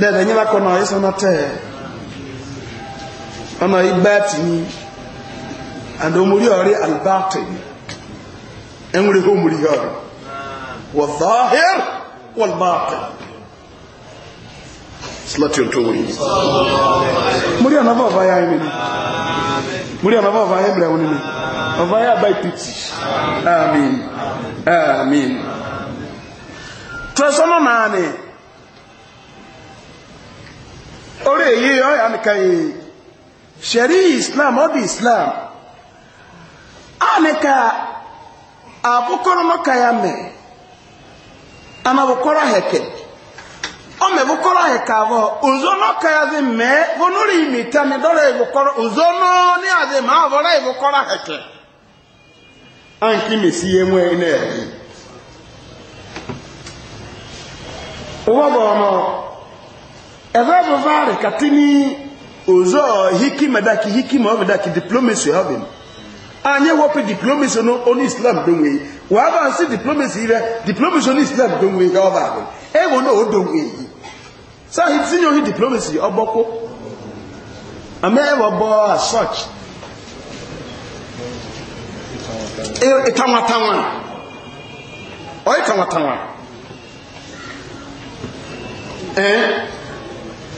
dẹ̀dẹ̀ yín lákọ̀ náà yíṣẹ́ náà tẹ̀ ọ̀nà ìbáàtì ni àdómúrí ọ̀rẹ́ albáàtì ni ẹ̀múrí hómúrí ọ̀rẹ́ wọ̀záhìr wọ̀lbáàtì sílọ́tí ọ̀tọ́ wọ̀nyí múrí ọ̀nà bá ọ̀fà yá ẹ̀mí ni múrí ọ̀nà bá ọ̀fà yá ẹ̀mí ni ọ̀fà yá bá ìpìtì àmín àmín. tọ́sọ́nà nọ ni orí èyí ọ̀yà nìkan yìí ṣẹ̀rí islam ọdún islam a àbúkọ́rọ́ mọ́ka mẹ́ anabukọ́rọ́ hẹ̀kẹ́ ọmọ ìbúkọ́rọ́ hẹ̀kẹ́ àbọ̀ òzónà kaya mẹ́ vonúrí ìmìtẹ́ ni dọ́rọ̀ ìbúkọ́rọ́ òzónà ní àdìmọ́ àbọ̀rọ̀ ìbúkọ́rọ́ hẹ̀kẹ́ àǹkí mi sí mú wọ́bọ̀ọ̀nà ẹ̀fẹ́fẹ́ fáàrì kàtí ní òzò hikima dákì hikima ọ̀fẹ́ dákì diplomacy ọ̀bìn ányẹ́ wọ́n pe diplomacy ní oní islam dónwé wàá bá ń sí diplomacy rẹ diplomacy oní islam dónwé ọba àbẹ̀ ẹ̀wọ̀n e náà ó dónwé yìí sáà sí ní oní diplomacy ọbọ̀kú àmẹ́ ẹ̀wọ̀ bọ́ as such ìtàwàtàwà e, e, ọ̀ ìtàwàtàwà. Eh?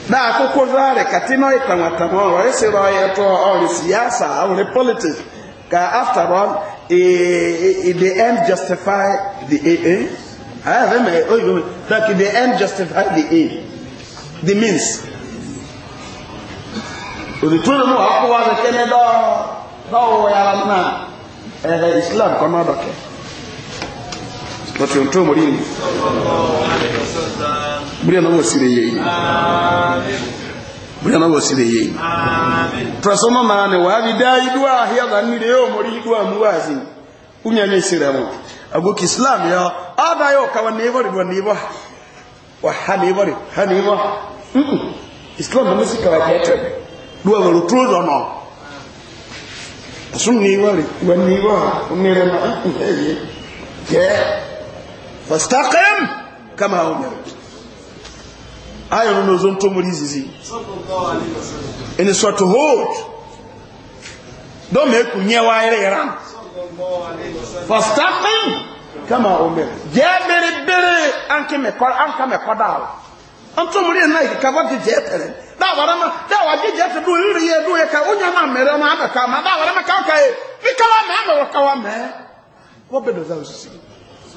na akwụkwọ zare katina itanwatama ọrụ esiri ọya tụ ọrụ siyasa ọrụ politik ka after all the end justify the aim ayahụ eme oyibo like the end justify the aim the means òdìtúrò mú àkọwà mẹkẹ́ni lọ́wọ́ yàrá náà islam kọ́nà ọ̀dọ̀kẹ́ batuye nto murini buriya nabo sireye buriya nabo sireye turasoma mane wabidaidwa hiyadhanire yo muridwa mubazi umyanya isiramu ago kiislamu ya adayo kawa niborirwa nibo wa hanibori hanibo islamu musika wa ketwe duwa balutuzo no asumni wali waniwa umire na ye fastaqim kama umirt ayo no zo nto muri zizi ene soto hot do me ku nyewa ire yaram fastaqim kama umirt je bere bere anke me kor anka me kodawo nto muri na ka ba je tere da wara ma da wa je je do iri ye do ye ka onya ma mere ma abaka ma da wara ma ka ka e bi ka wa ma ma ka wa me wo be do za osisi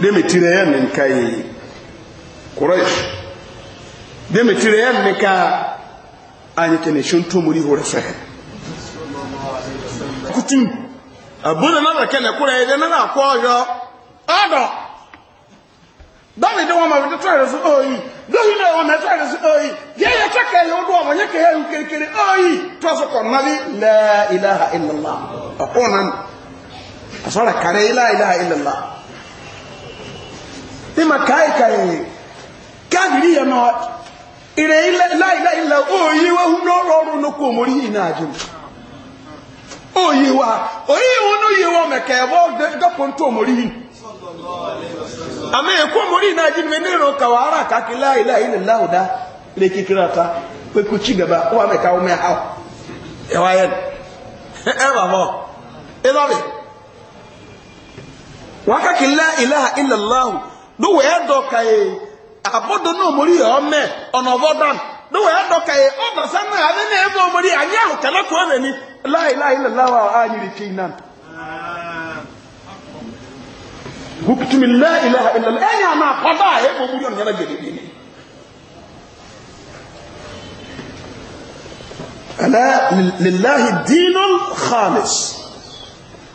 demetire yɛ ne nka yi kurɛsh demetire yɛ ne ka anyi kɛ ne sun tomori hore fɛ kutum abona na bɛ kɛ ne kura yi dɛ ne na kɔ yɔ ɔdɔ dɔbi de wɔn ma bi tɔ yɛrɛ so oyi dɔbi de wɔn ma tɔ yɛrɛ so oyi yɛ yɛ kɛ kɛ yɛ do wɔn yɛ kɛ yɛ yɛ kere oyi tɔ so kɔ nabi laa ilaha illallah ɔkɔ nan a sɔrɔ ilaha illallah. ima kai kai kagiri ya no ire ile la ile ile oyi wa hu no roru no ko mori ina ajim oyi wa oyi hu no yi wa meke bo de do ponto mori ame ko mori ina ajim me ne ka wa ara ka ki la ile ile la ah. oda le kikira ta pe ku chi gaba wa ka o me ha e wa yen e wa ho e lo bi wa ka ki la ilaha illa allah do wee do ka ye abodo na omori yɛ ɔmɛ ɔnɔvɔdan do wee dɔ ka ye ɔbasa na adi na ebe omori anyi ahu kala ko ɔbɛ ni lai lai lala wa anyi li kii nan. hukutumi la ilaha illallah ɛnyɛ ana akɔda a ebe omori ɔnyɛ na gɛdɛ bi ni. ألا لله الدين الخالص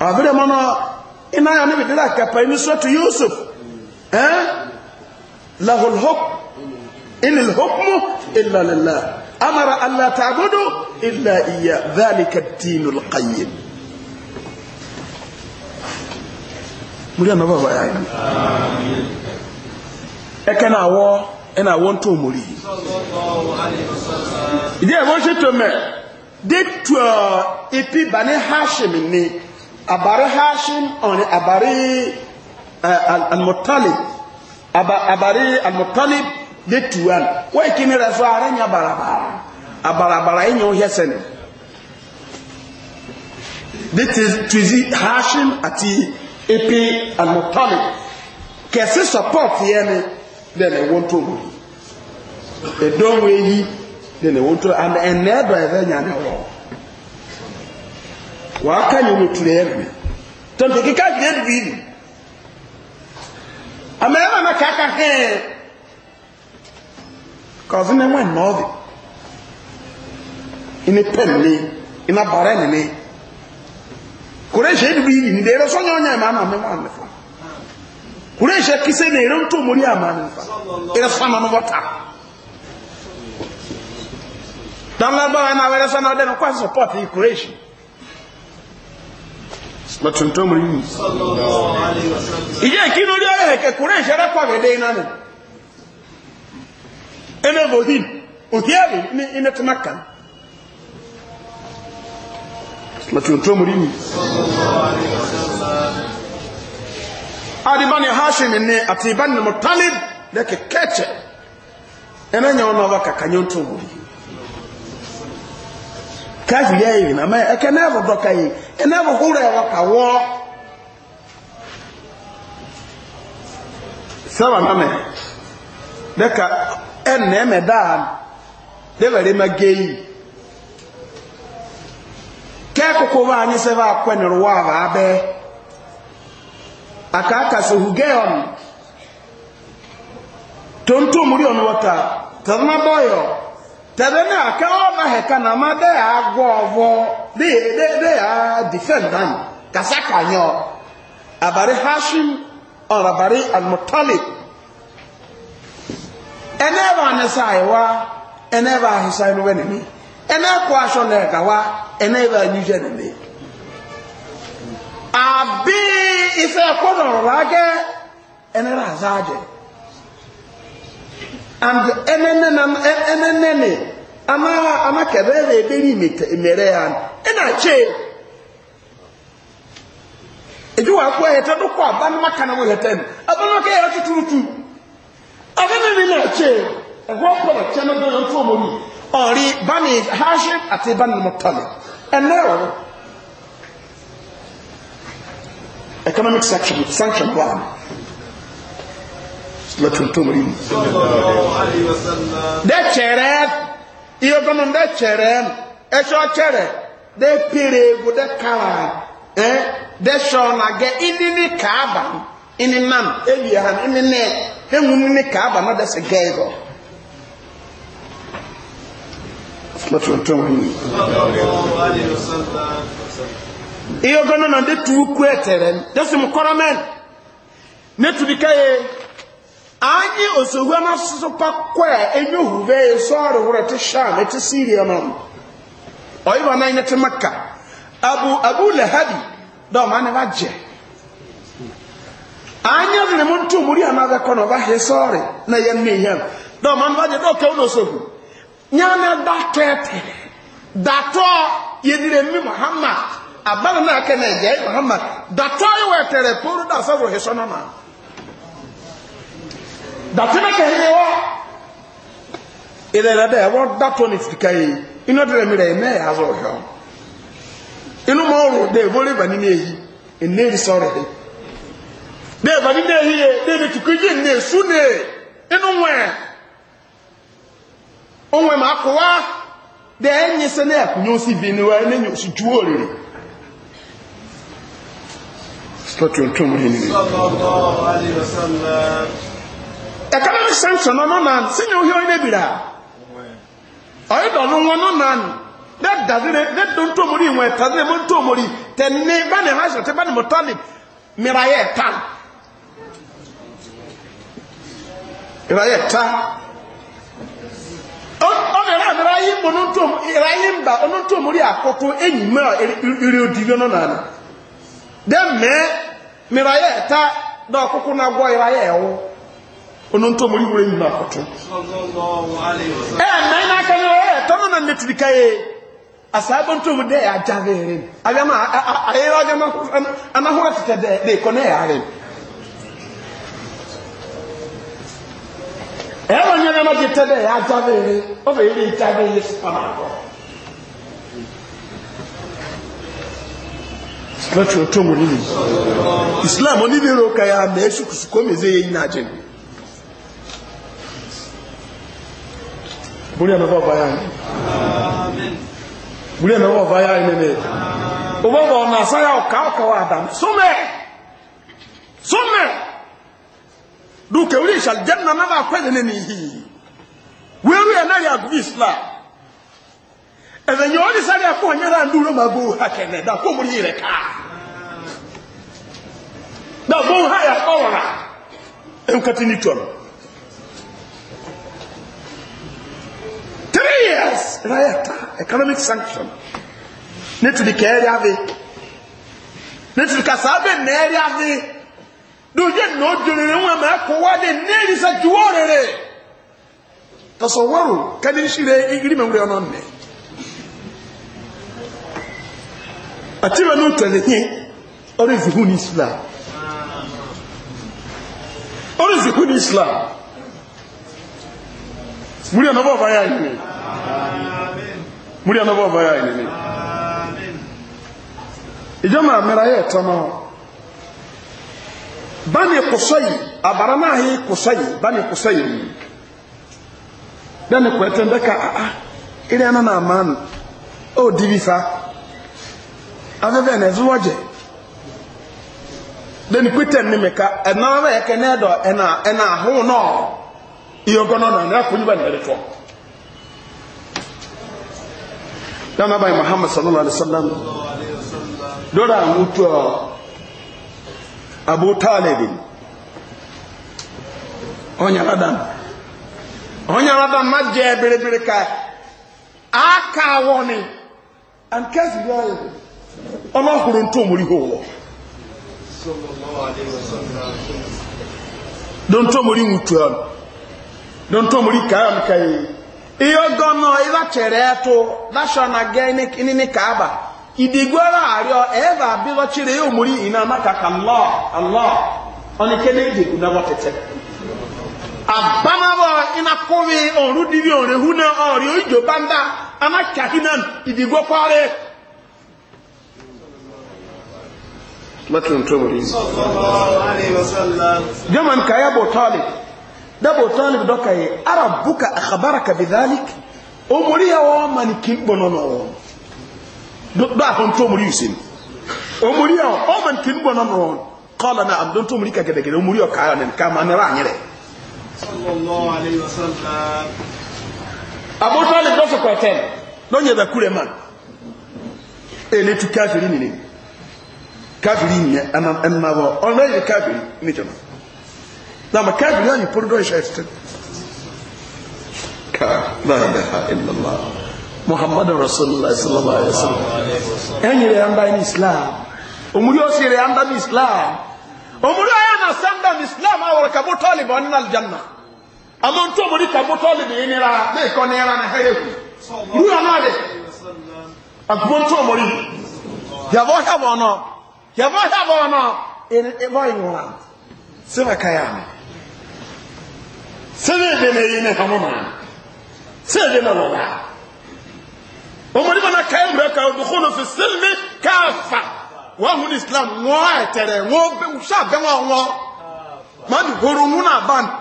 أبدا منا إنا يعني بدلا كبايني سورة يوسف له الحكم إن الحكم إلا لله أمر أن لا تعبدوا إلا إياه ذلك الدين القيم مريانا بابا يا عيني أكنا هو أنا وانتو مري إذا أبوشي تومي ديتو إبي بني هاشم إني أباري هاشم أني أباري Eh, almutalib abari almutalib de tuwan wa ikini rasu are nya barabara abarabara enye ohia sene de tizi hashim ati epi almutalib kese support ye ne de ne wonto mu edon we yi de ne wonto and ene do eve nya ne wo wa aka nyu tule ye me tonte kika je de bi amẹ́rẹ́mà náà kàákà hẹ́ẹ̀ kọ̀ọ̀sí ní ẹ̀wọ̀n nọ́ọ̀dì ìní pẹ̀lú ní iná bàrẹ́ nìní kùrẹ́ṣẹ́ ìdúgbò yìí nìdí ẹ̀rọ sọ́nyọ́ ọ̀nyá ìmọ̀ àmà mẹ́wàá nìfà kùrẹ́ṣẹ́ kíṣẹ́ ní ẹ̀rọ tó mórí àmà nìfà ẹ̀rọ fánà ní wọ́ta dáńlábára náà wẹ́rẹ́ sọ́nà ọdẹ ní kwásí sọ́pọ̀tì kùrẹ́ṣẹ́ matuntun mu yi ìjẹ́ ìkínú orí ọ̀rẹ́ ẹ̀kẹ́ kúrẹ́ ìṣẹ́rẹ́ pàgẹ́dẹ́ iná nì ẹnẹ́ bòdín òkè ẹ̀rì ní iná tó mákà matuntun mu yi adibani hashim ni àti ibani mutalib lẹ́kẹ̀kẹ́kẹ́ ẹnẹ́ nyẹ́ wọn náà wá kàkà nyẹ́ tó wòlíì kafiri ayi na mɛ ɛkɛ n'ɛfɔ dɔ ka yi hura ka wɔ sɛba mamɛ ne ka ɛnɛɛmɛ daa ne bɛrɛ ma geyi kɛkoko baa nye sɛ baa kɔ nero waa baa bɛ akaaka sɛ hugeyɔn tontomri ɔno tẹ̀lé náà ká ọ̀nà ẹ̀ka náà má bẹ́ẹ̀ agọ́ ọ̀vọ́ bẹ́ẹ̀ á dìfẹ́ǹd náà kàṣàkà yọ àbárí hashim ọ̀rọ̀ àbárí alimọ̀tálì ẹnẹ́ bá ní sáyé wá ẹnẹ́ bá ahìsá inú wẹ́ nìmi ẹnẹ́ kó aṣọ náà ẹ̀ka wá ẹnẹ́ bá níjẹ́ nìmi. àbí ìfẹ́ kó nọ̀rọ̀ wá gẹ́ rà záàjẹ́ and ɛnɛnɛ nam ɛnɛnɛ ne ama ama kɛbɛ yɛ ebiri mɛrɛ ha ɛna kye edu wa akɔ yɛtɛ do kɔ aba nama kana wɔ yɛtɛ mu aba nama kɛ yɛ tuturutu aba nama ne na kye ɛhɔ kɔ na kyɛn do yɛn fɔm mu ɔri bani haahye ati bani mu tali ɛnɛ wɔ economic sanction sanction wa latuntumri de kyerɛ iyo gɔnɔ de kyerɛ ɛsɛ kyerɛ de pere egu de kala ɛ eh, de sɔɔna gɛ ini ni kaaba ini nam ewia ha ini nɛ eŋunu ni kaaba na de se gɛɛ gɔ latuntumri iyo gɔnɔ de tuukue tɛrɛ de sum kɔrɔmɛn ne tuli anyị osogbu n'asụsụ pakwa enye ohuve eso ọrụ hụrụ ti sham eti siria nọ ọyịba na ịnete maka abu abu lahabi dọm anyị ba je anya dị m ntụ mụrụ ya n'aga kọ n'ọba ha eso ọrụ na ya mme ihe dọm anyị ba je dọọ ka ụlọ osogbu nya na datọ ete datọ yedire mmi muhammad abalị na-aka na-eje muhammad datọ ya wetere pụrụ da asọ bụ ha eso nọ datina kahiye wa ire rada ɛwɔ dato ne sika yi inu ɔdira mi rɛ mɛ azɔ ɔhɛ inu ma ɔrò de ebole bani ne yi ene sɔrɔ yi de bani ne yi yɛ de bi tuku yi ne su ne inu wɛ onwe ma ko wa de enyi si bi ne wa ne si ju oriri. Sọ́tún tó mú yín nínú. Sọ́tún tó economic sanction ọ̀nà nan sínú ohi ọ̀nà ebìrà ọ̀yẹ́dọ̀nù wọn nan lẹ́dàdìrẹ́ lẹ́dọ̀ntò mórí ìwọ̀n ẹ̀tàdìrẹ́ mọ́ntò mórí tẹ̀lé báni hajj àti báni mọ̀tálì mìíràyẹ̀ ẹ̀ta mìíràyẹ̀ ẹ̀ta ọ̀nà mìíràyẹ̀ mọ̀ntò mbà mórí àkókò ẹ̀yìn ononto muri wure nyina akoto eh na kan eh tono na netri kaye eh, asabo nto mu de eh, ajavere agama ayo eh, agama ana hora tete de de kone yare eh wanya na ma tete de ajavere o fe ile itave yesu pama ko Lọ́tí ọ̀tọ́ mọ̀ nílùú. Ìsìláàmù oníbèrè ọkà ya mẹ́ṣùkùsù kó mèzé yẹ yìí náà jẹ́ ni. buri ẹ̀mẹ́fọ́ ọ̀báyá ni buri ẹ̀mẹ́fọ́ ọ̀báyá ni ni ọgbọ́gbọ́ ọ̀nà àsáyà ọ̀ká ọ̀kọ̀wà àdàm súnmẹ̀ súnmẹ̀ dúkẹ̀ orí ìṣàlìjẹ́ nà náà pẹ́lẹ̀ ní nìyí wíwí ẹ̀ náà yà gùn islam ẹ̀sẹ̀ yìí wọ́n ní sáré ẹ̀kọ́ ọ̀nyẹ́rà ń dúró máa bó hakẹ̀nẹ̀ dà three years rayata economic sanction ne tuli ka ɛri ave ne tuli ka saa bɛ na ɛri ave do yɛ na o jolere ŋun ma ɛkɔ wa de ne yi sɛ juwo rere tɔsɔ wɔro kadi nsire yiri mɛ wuli ɔnɔ nɛ ati bɛ n'o tɛle hin ɔre zihu ni islam ɔre zihu ni islam. muri anabo vaya ini muri anabo vaya ini ijama mera ye tama bani kusai abarana hi kusai bani kusai dani kwetende ka a ah, a ah, ile ana na man o divifa aveve na zuwaje dani kwetende meka na na ekene do ena ena hu no iyo gono na na kunyi ba nalekwa dana bai muhammad sallallahu alaihi wasallam dora mutu abu talib onya ka aka woni an kazi yo ọmọ ọkùnrin tó mú hó wọ don to ka kai iyo gono iba chere to dasho na gene kinini kaaba idigwara aryo eva bilo chire yo muri ina maka allah allah oni na de kuna watete abana bo ina kowe oru dibi ore huna ori banda ama kahinan idigwo kware matun ka muri sallallahu alaihi dabo talib doka ye arabuka akhbaraka bidhalik omuri ya wa man kinbono no do da hon to omuri usin omuri ya o man kinbono no qala na abdun to omuri ka gede gede omuri o ka ne ka man ra nyere sallallahu alaihi wasallam abu talib do so ko ten do nye ba kure man ele tu kafiri ni ni kafiri ni ana amma wa ona ye kafiri ni jama na makabiri yanyu porido ishaitin ka la ilaha illallah muhammadun rasulullah sallallahu alaihi wasallam yanyu ya amba ni islam omuri osire ya amba ni islam omuri aya na sanda ni islam awara kabo talibu anina aljanna ama nto omuri kabo talibu inira na iko nira na hereku ruya na de akubo nto omuri yabo yabo no yabo yabo no ebo inwa sima kayami sɛdeɛ na ɛyi ne hamo maa sɛdeɛ na wɔwɔ a wɔmɔde bana kae mmerɛ ka ɔdokɔno fi silmi kaafa wɔahu no islam ŋɔ a ɛtɛrɛ ŋɔ hwɛ abɛn a ŋɔ ma de horo ŋu na aban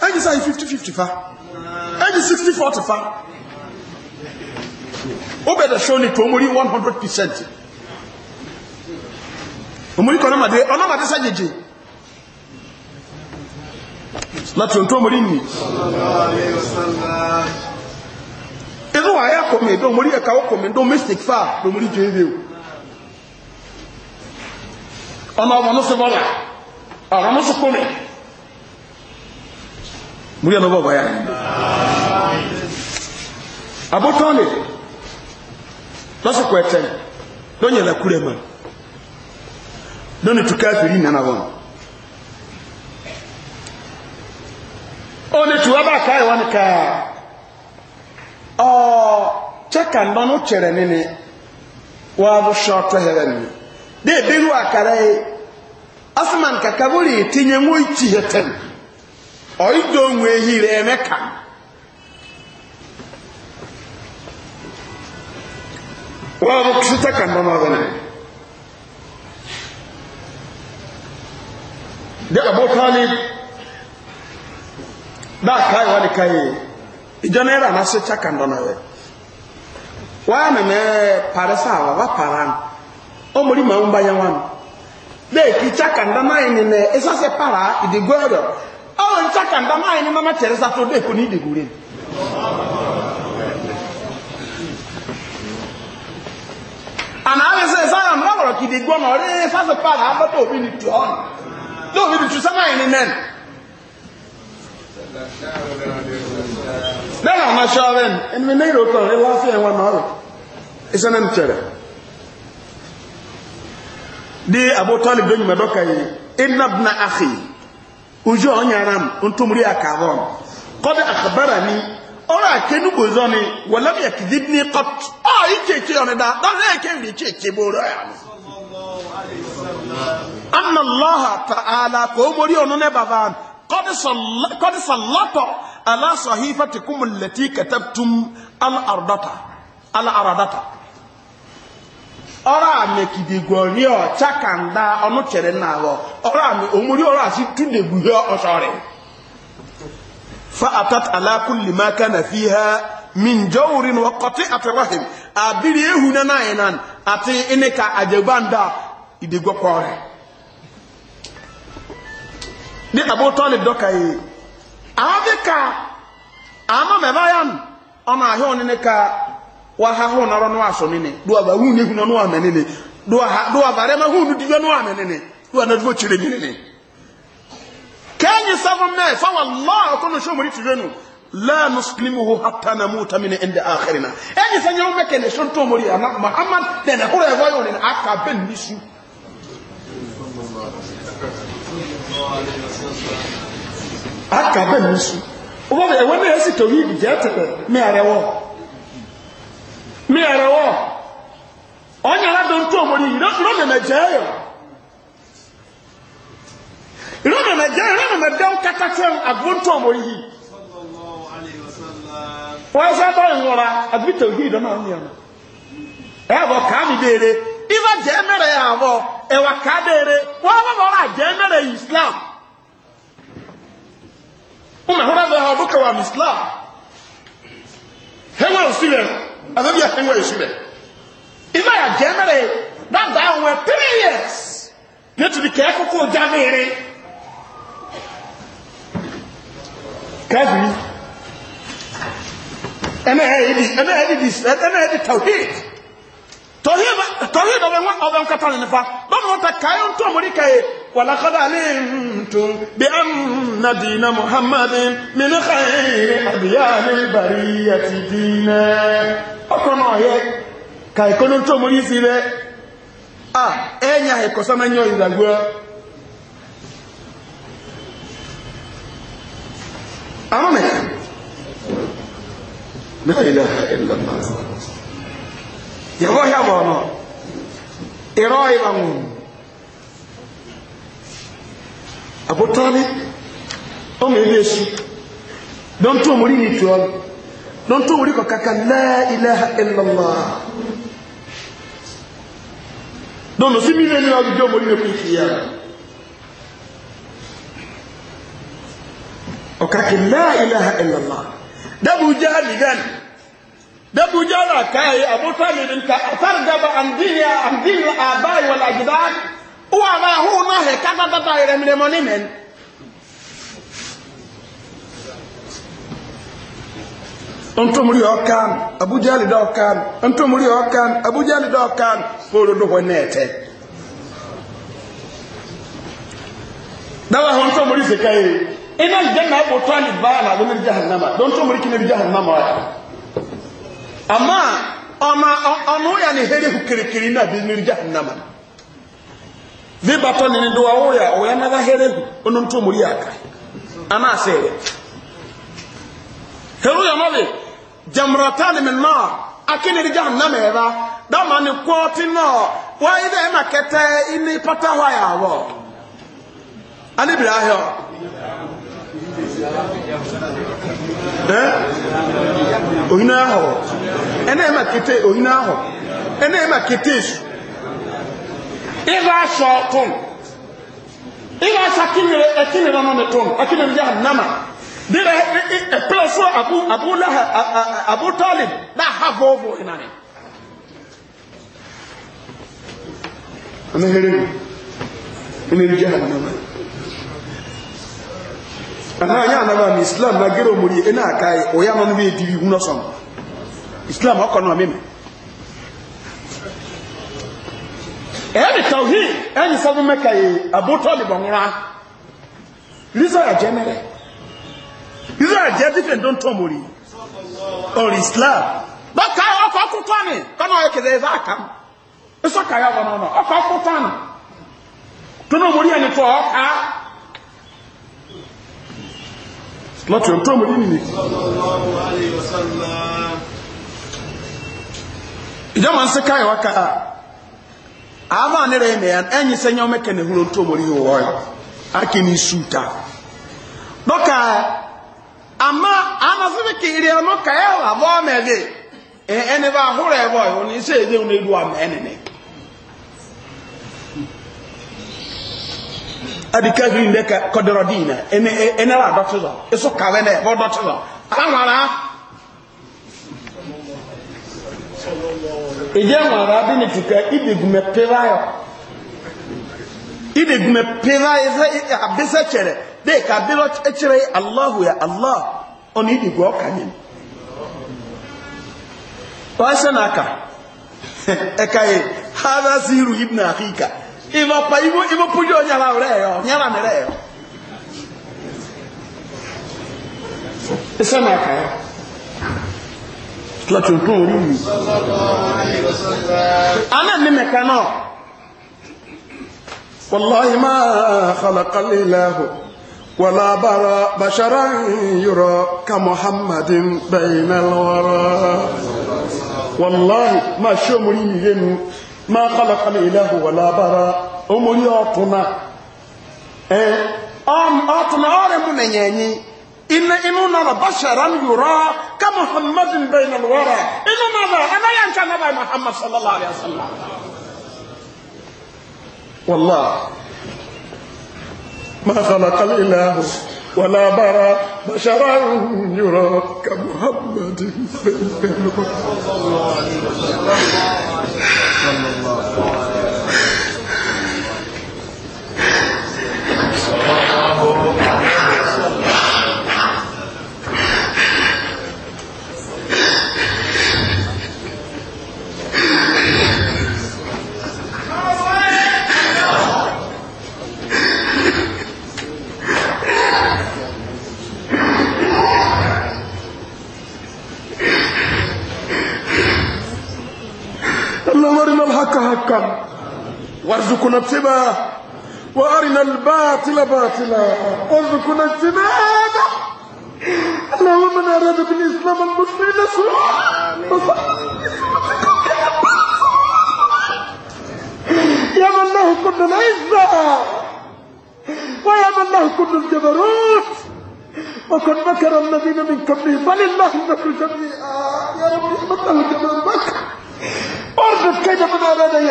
ɛnyi sa yi fifty fifty fa ɛnyi sixty forty fa wobɛ dɛ hwɛ ni to ɔmɔri one hundred percent ɔmɔri kɔ ɔnamade ɔnamade sa gyegye láti ohun tó mọ̀ rí nì. inú àyà kò mí dùn mo rí ẹ̀ka ọkọ̀ mi dùn mystic fà ló mo rí jẹ́ èrè o ọ̀nà ọ̀nà ọ̀nà bọ́lá ọ̀nà ọ̀nà sọ̀kọ́ mi mo rí ẹ̀nà bọ̀ báyà. àbótọ́ ni lọ́sọ̀kọ̀ ẹ̀tẹ̀ lọ́nyẹ̀lẹ̀kúrẹ̀ mọ́ lónìí tukẹ́ fìrí nana wọn. Oni tuwa ba kai wani ka ọ cheka ndọnụ chere nini wa bụ shọtụ heren de eberu akara yi eh? asman ka kaburi tinye nwa ichi heten ọ ido onwe ehi re eme ka wa bụ kushita ka ndọnụ ọbụla de abu da kai wani kai ijo ne rana se chaka ndo na we wa me me pare sa wa wa paran o muri ma mba ya wan de ki chaka ndo na ni ne esa se para idigoro o chaka ndo na ni mama teresa to de ko ni digure ana ale se sa na ngoro ki digoro re sa se para ba to bi ni to on do bi tu sa na ni Nana ama shaven, and we need to come. We love you and one another. It's an empty. Di Abu Talib don yume doka yi, inna bna akhi, ujo onyaram, untumri akavon. Qad akhbarani, ora kenu bozoni, walam yakdibni qat. Ah, oh, ike ike yone da, da ne ke ri ike ike boro ya. Anna Allah ta'ala, ko mori onu ne baban, قد سلط على صحيفتكم التي كتبتم الأرضة الأرضة ọ̀rọ̀ àmì kìdìgbò ní ọ̀chá kàndá ọmọkẹrẹ náà lọ ọ̀rọ̀ àmì òmúrí ọ̀rọ̀ àti túndègbù yọ ọ̀ṣọ́ rẹ̀ fa àtàt alákùnlé máa kánà fi ha minjọ́wòrin wọ́kọ̀tí àti rahim àbírí ehùn náà náà àti inika àjẹgbàndà ìdìgbòkọ̀ rẹ̀ ni abu talib dɔka ye aabi ka ama mɛba yan ɔna ahɛw ne ka waha hɔ nɔrɔ no aso ne ne do aba hu ne hu no amɛ ne ne do aha do aba rɛma hu no diwa no amɛ ne ne do ana do kyerɛ ne ne kɛnyi sɛfo mɛ fa wallahi ɔkɔ no hyɛ omori tuwe no la nuslimuhu hatta namuta min inda akhirina ɛnyi sɛ nyɛ wo mɛkɛ ne hyɛ muhammad ne ne horo ɛhɔ yɛ aka bẹ́ẹ̀ ní sùn wọ́n bẹ ẹ̀wọ́n náà sì tòwí ìdìjẹ́ ẹ̀tẹ̀tẹ̀ mí àrẹwọ́ mí àrẹwọ́ ọ̀nyà aládò ń tó òmòrì ìrọ́nàmà jẹ́ ẹ̀yọ̀ ìrọ́nàmà jẹ́ ìrọ́nàmà dẹ́wọ́ kátà tẹ́ àgbó tó òmòrì yìí wọ́n sábà ń rọra àbí ife jẹ́mẹ̀rẹ̀ yà bọ̀ ẹ̀wà kádẹ́rẹ́ wọ́n bá bọ̀ ọ́rà jẹ́mẹ̀rẹ̀ islam wọ́n mọ̀ ọ́rà bẹ̀rẹ̀ ọ̀bùkà wà ní islam hẹ́wà òsìlẹ̀ àbẹ̀bí ẹ̀hẹ́wà òsìlẹ̀ ife yà jẹ́mẹ̀rẹ̀ dáadáa àwọn three years nítorí kẹ́ẹ́kọ́kọ́ ọjà mẹ́rin kẹ́ẹ̀bì ẹ̀mẹ́ ẹ̀ẹ́dì tawhid. tọhid ọbẹ nkata ni nifa káyọ̀ ní bí a na dìínà muhammadin nínú káyẹ̀ àbíyá ní bàrí àti dìínà náà yẹ sí a ẹ̀yà ẹ̀kọ́ sọ́mọ́ ẹ̀yọ́ ìdàgbọ́ yɛbɔ hɛ bɔ no ɛrɔ yɛ ba ŋun abotɔni ɔmɔ ebi esu dɔn tó omori ni tuɔ dɔn tó omori kɔ kaka laa ilaha illallah dɔn no si mi lé ní ɔbi dɔn omori ni kò fi ya ɔkaki laa ilaha illallah dabu jahali gani da bujara kai abu talibin ka atargaba an diniya an din al-abai wal ajdad wa ma huna he kada da da ire mire moni men onto muri okan abu jali da okan onto muri okan abu jali da okan poro do honete dawa onto muri se kai ina janna abu talib ba na do jahannama don to muri kine jahannama wa ama ọma ọnụ ya na ihere hukirikiri na bi nri jahannama vi bato ni ndo wa o oya na gahere hu onu ntu muri aka ana asere heru ya nobe jamratan min nar akini ri jahannama eba dama ni kwoti no wa ide makete ini pata wa ya wo ani bi ahio eh onye ahọ ẹnẹ ma kete ohina ahọ ẹnẹ tụm ịba asọ akịnere akịnere ọnụ nama dịrị epere abụ abụ abụ tọọlị na ha vọọvọ ịnarị. m, nama. ana anya anaba mi islam na gero muri ena akai e, oya no be di hu som islam akọ no meme ẹni e tawhi ẹni e sabu mẹka yi abotọ libọ nwura lisa ya jẹmẹrẹ lisa ya jẹ different don tọ or islam bọka ọkọ akutọ ni kọnà ọyọ kẹsẹ ẹsẹ akam ẹsọ kàyà wọn nọ ọkọ akutọ ni tọnà mori ẹni tọ ọka. láti ọ̀tọ́ mọ̀ nínú ìjọba ń sẹ káyọ̀ wá àbá ní rẹ̀ mẹ́yàn ẹ̀yìn sẹ́yìn ọmọ ẹ̀kẹ́ nìhúrò tó mọ̀ nínú wọ́ ákì ṣúta dọ́kà àmá àmàsíbí kiri ọmọ ẹni bá adikahiri ndɛ ka kɔdɔrɔdii na ɛnɛ ɛnɛ la dɔtɔ zɔ ɛsɔ kalɛ nɛ bɔ dɔtɔ zɔ ala ŋmara ìdí ŋmara bí ni tukɛ ìdègùmɛ pera yɔ ìdègùmɛ pera yɛ sɛ abisɛ kyerɛ de ka abirɔ kyerɛ yɛ alahu yɛ alahu ɔni ìdègù ɔka nyɛ ɔyɛ sɛ n'aka ɛka [LAUGHS] yɛ hada siiru ibna akika ìmọ̀pá ìmọ̀pújọ́ ọ̀nyàrá rẹ̀ ọ̀ nyàrá mi rẹ̀ ọ̀. ìsẹ́nà ẹ̀ka ẹ̀ láti òtún orí mi. àná mi mẹ̀ka náà wàláhi máa kàlàkàlì lẹ́hù wàlá bàrà bàṣàrà yòrò ka muhammadin bẹ̀yìn lọ́wọ́rọ́ wàláhi máa ṣé omi yẹnu. ما خلق الإله ولا برا أمري أطنا إيه؟ أم أطنا أرم نيني إن امنا بشرا يرى كمحمد بين الورى إننا ماذا أنا ينكى نبي محمد صلى الله عليه وسلم والله ما خلق الإله ولا برى بشرا يرى كمحمد في صلى الله عليه وسلم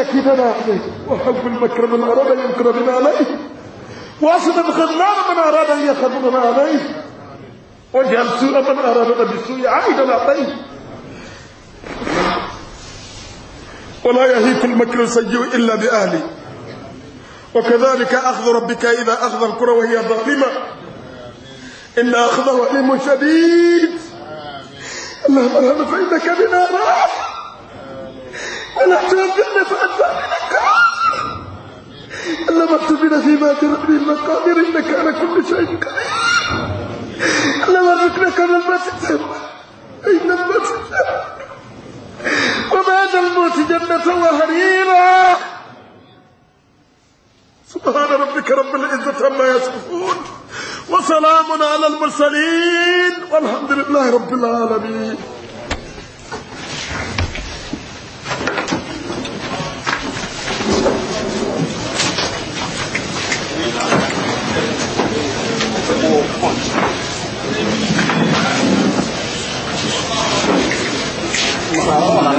أكيد أنا أعطيته وحب المكر من أراد أن يمكر بنا عليه واصل الغمام من أراد أن يخذ بنا عليه واجعل سوء من أراد أن يسوء عائدا أعطيه ولا يهيك المكر السيء إلا بأهله وكذلك أخذ ربك إذا أخذ الكرة وهي ظالمة إن أخذه علم شديد اللهم ارحمنا فإنك بنا راحم ألا تنفعنا فأنفع منك ألا مكتبنا في مات ربي المقادير إنك على كل شيء قدير ألا وارزقنا قبل الموت التوبة إن الموت التوبة وبعد الموت جنة وهريرا سبحان ربك رب العزة عما يصفون وسلام على المرسلين والحمد لله رب العالمين まあ、まあ、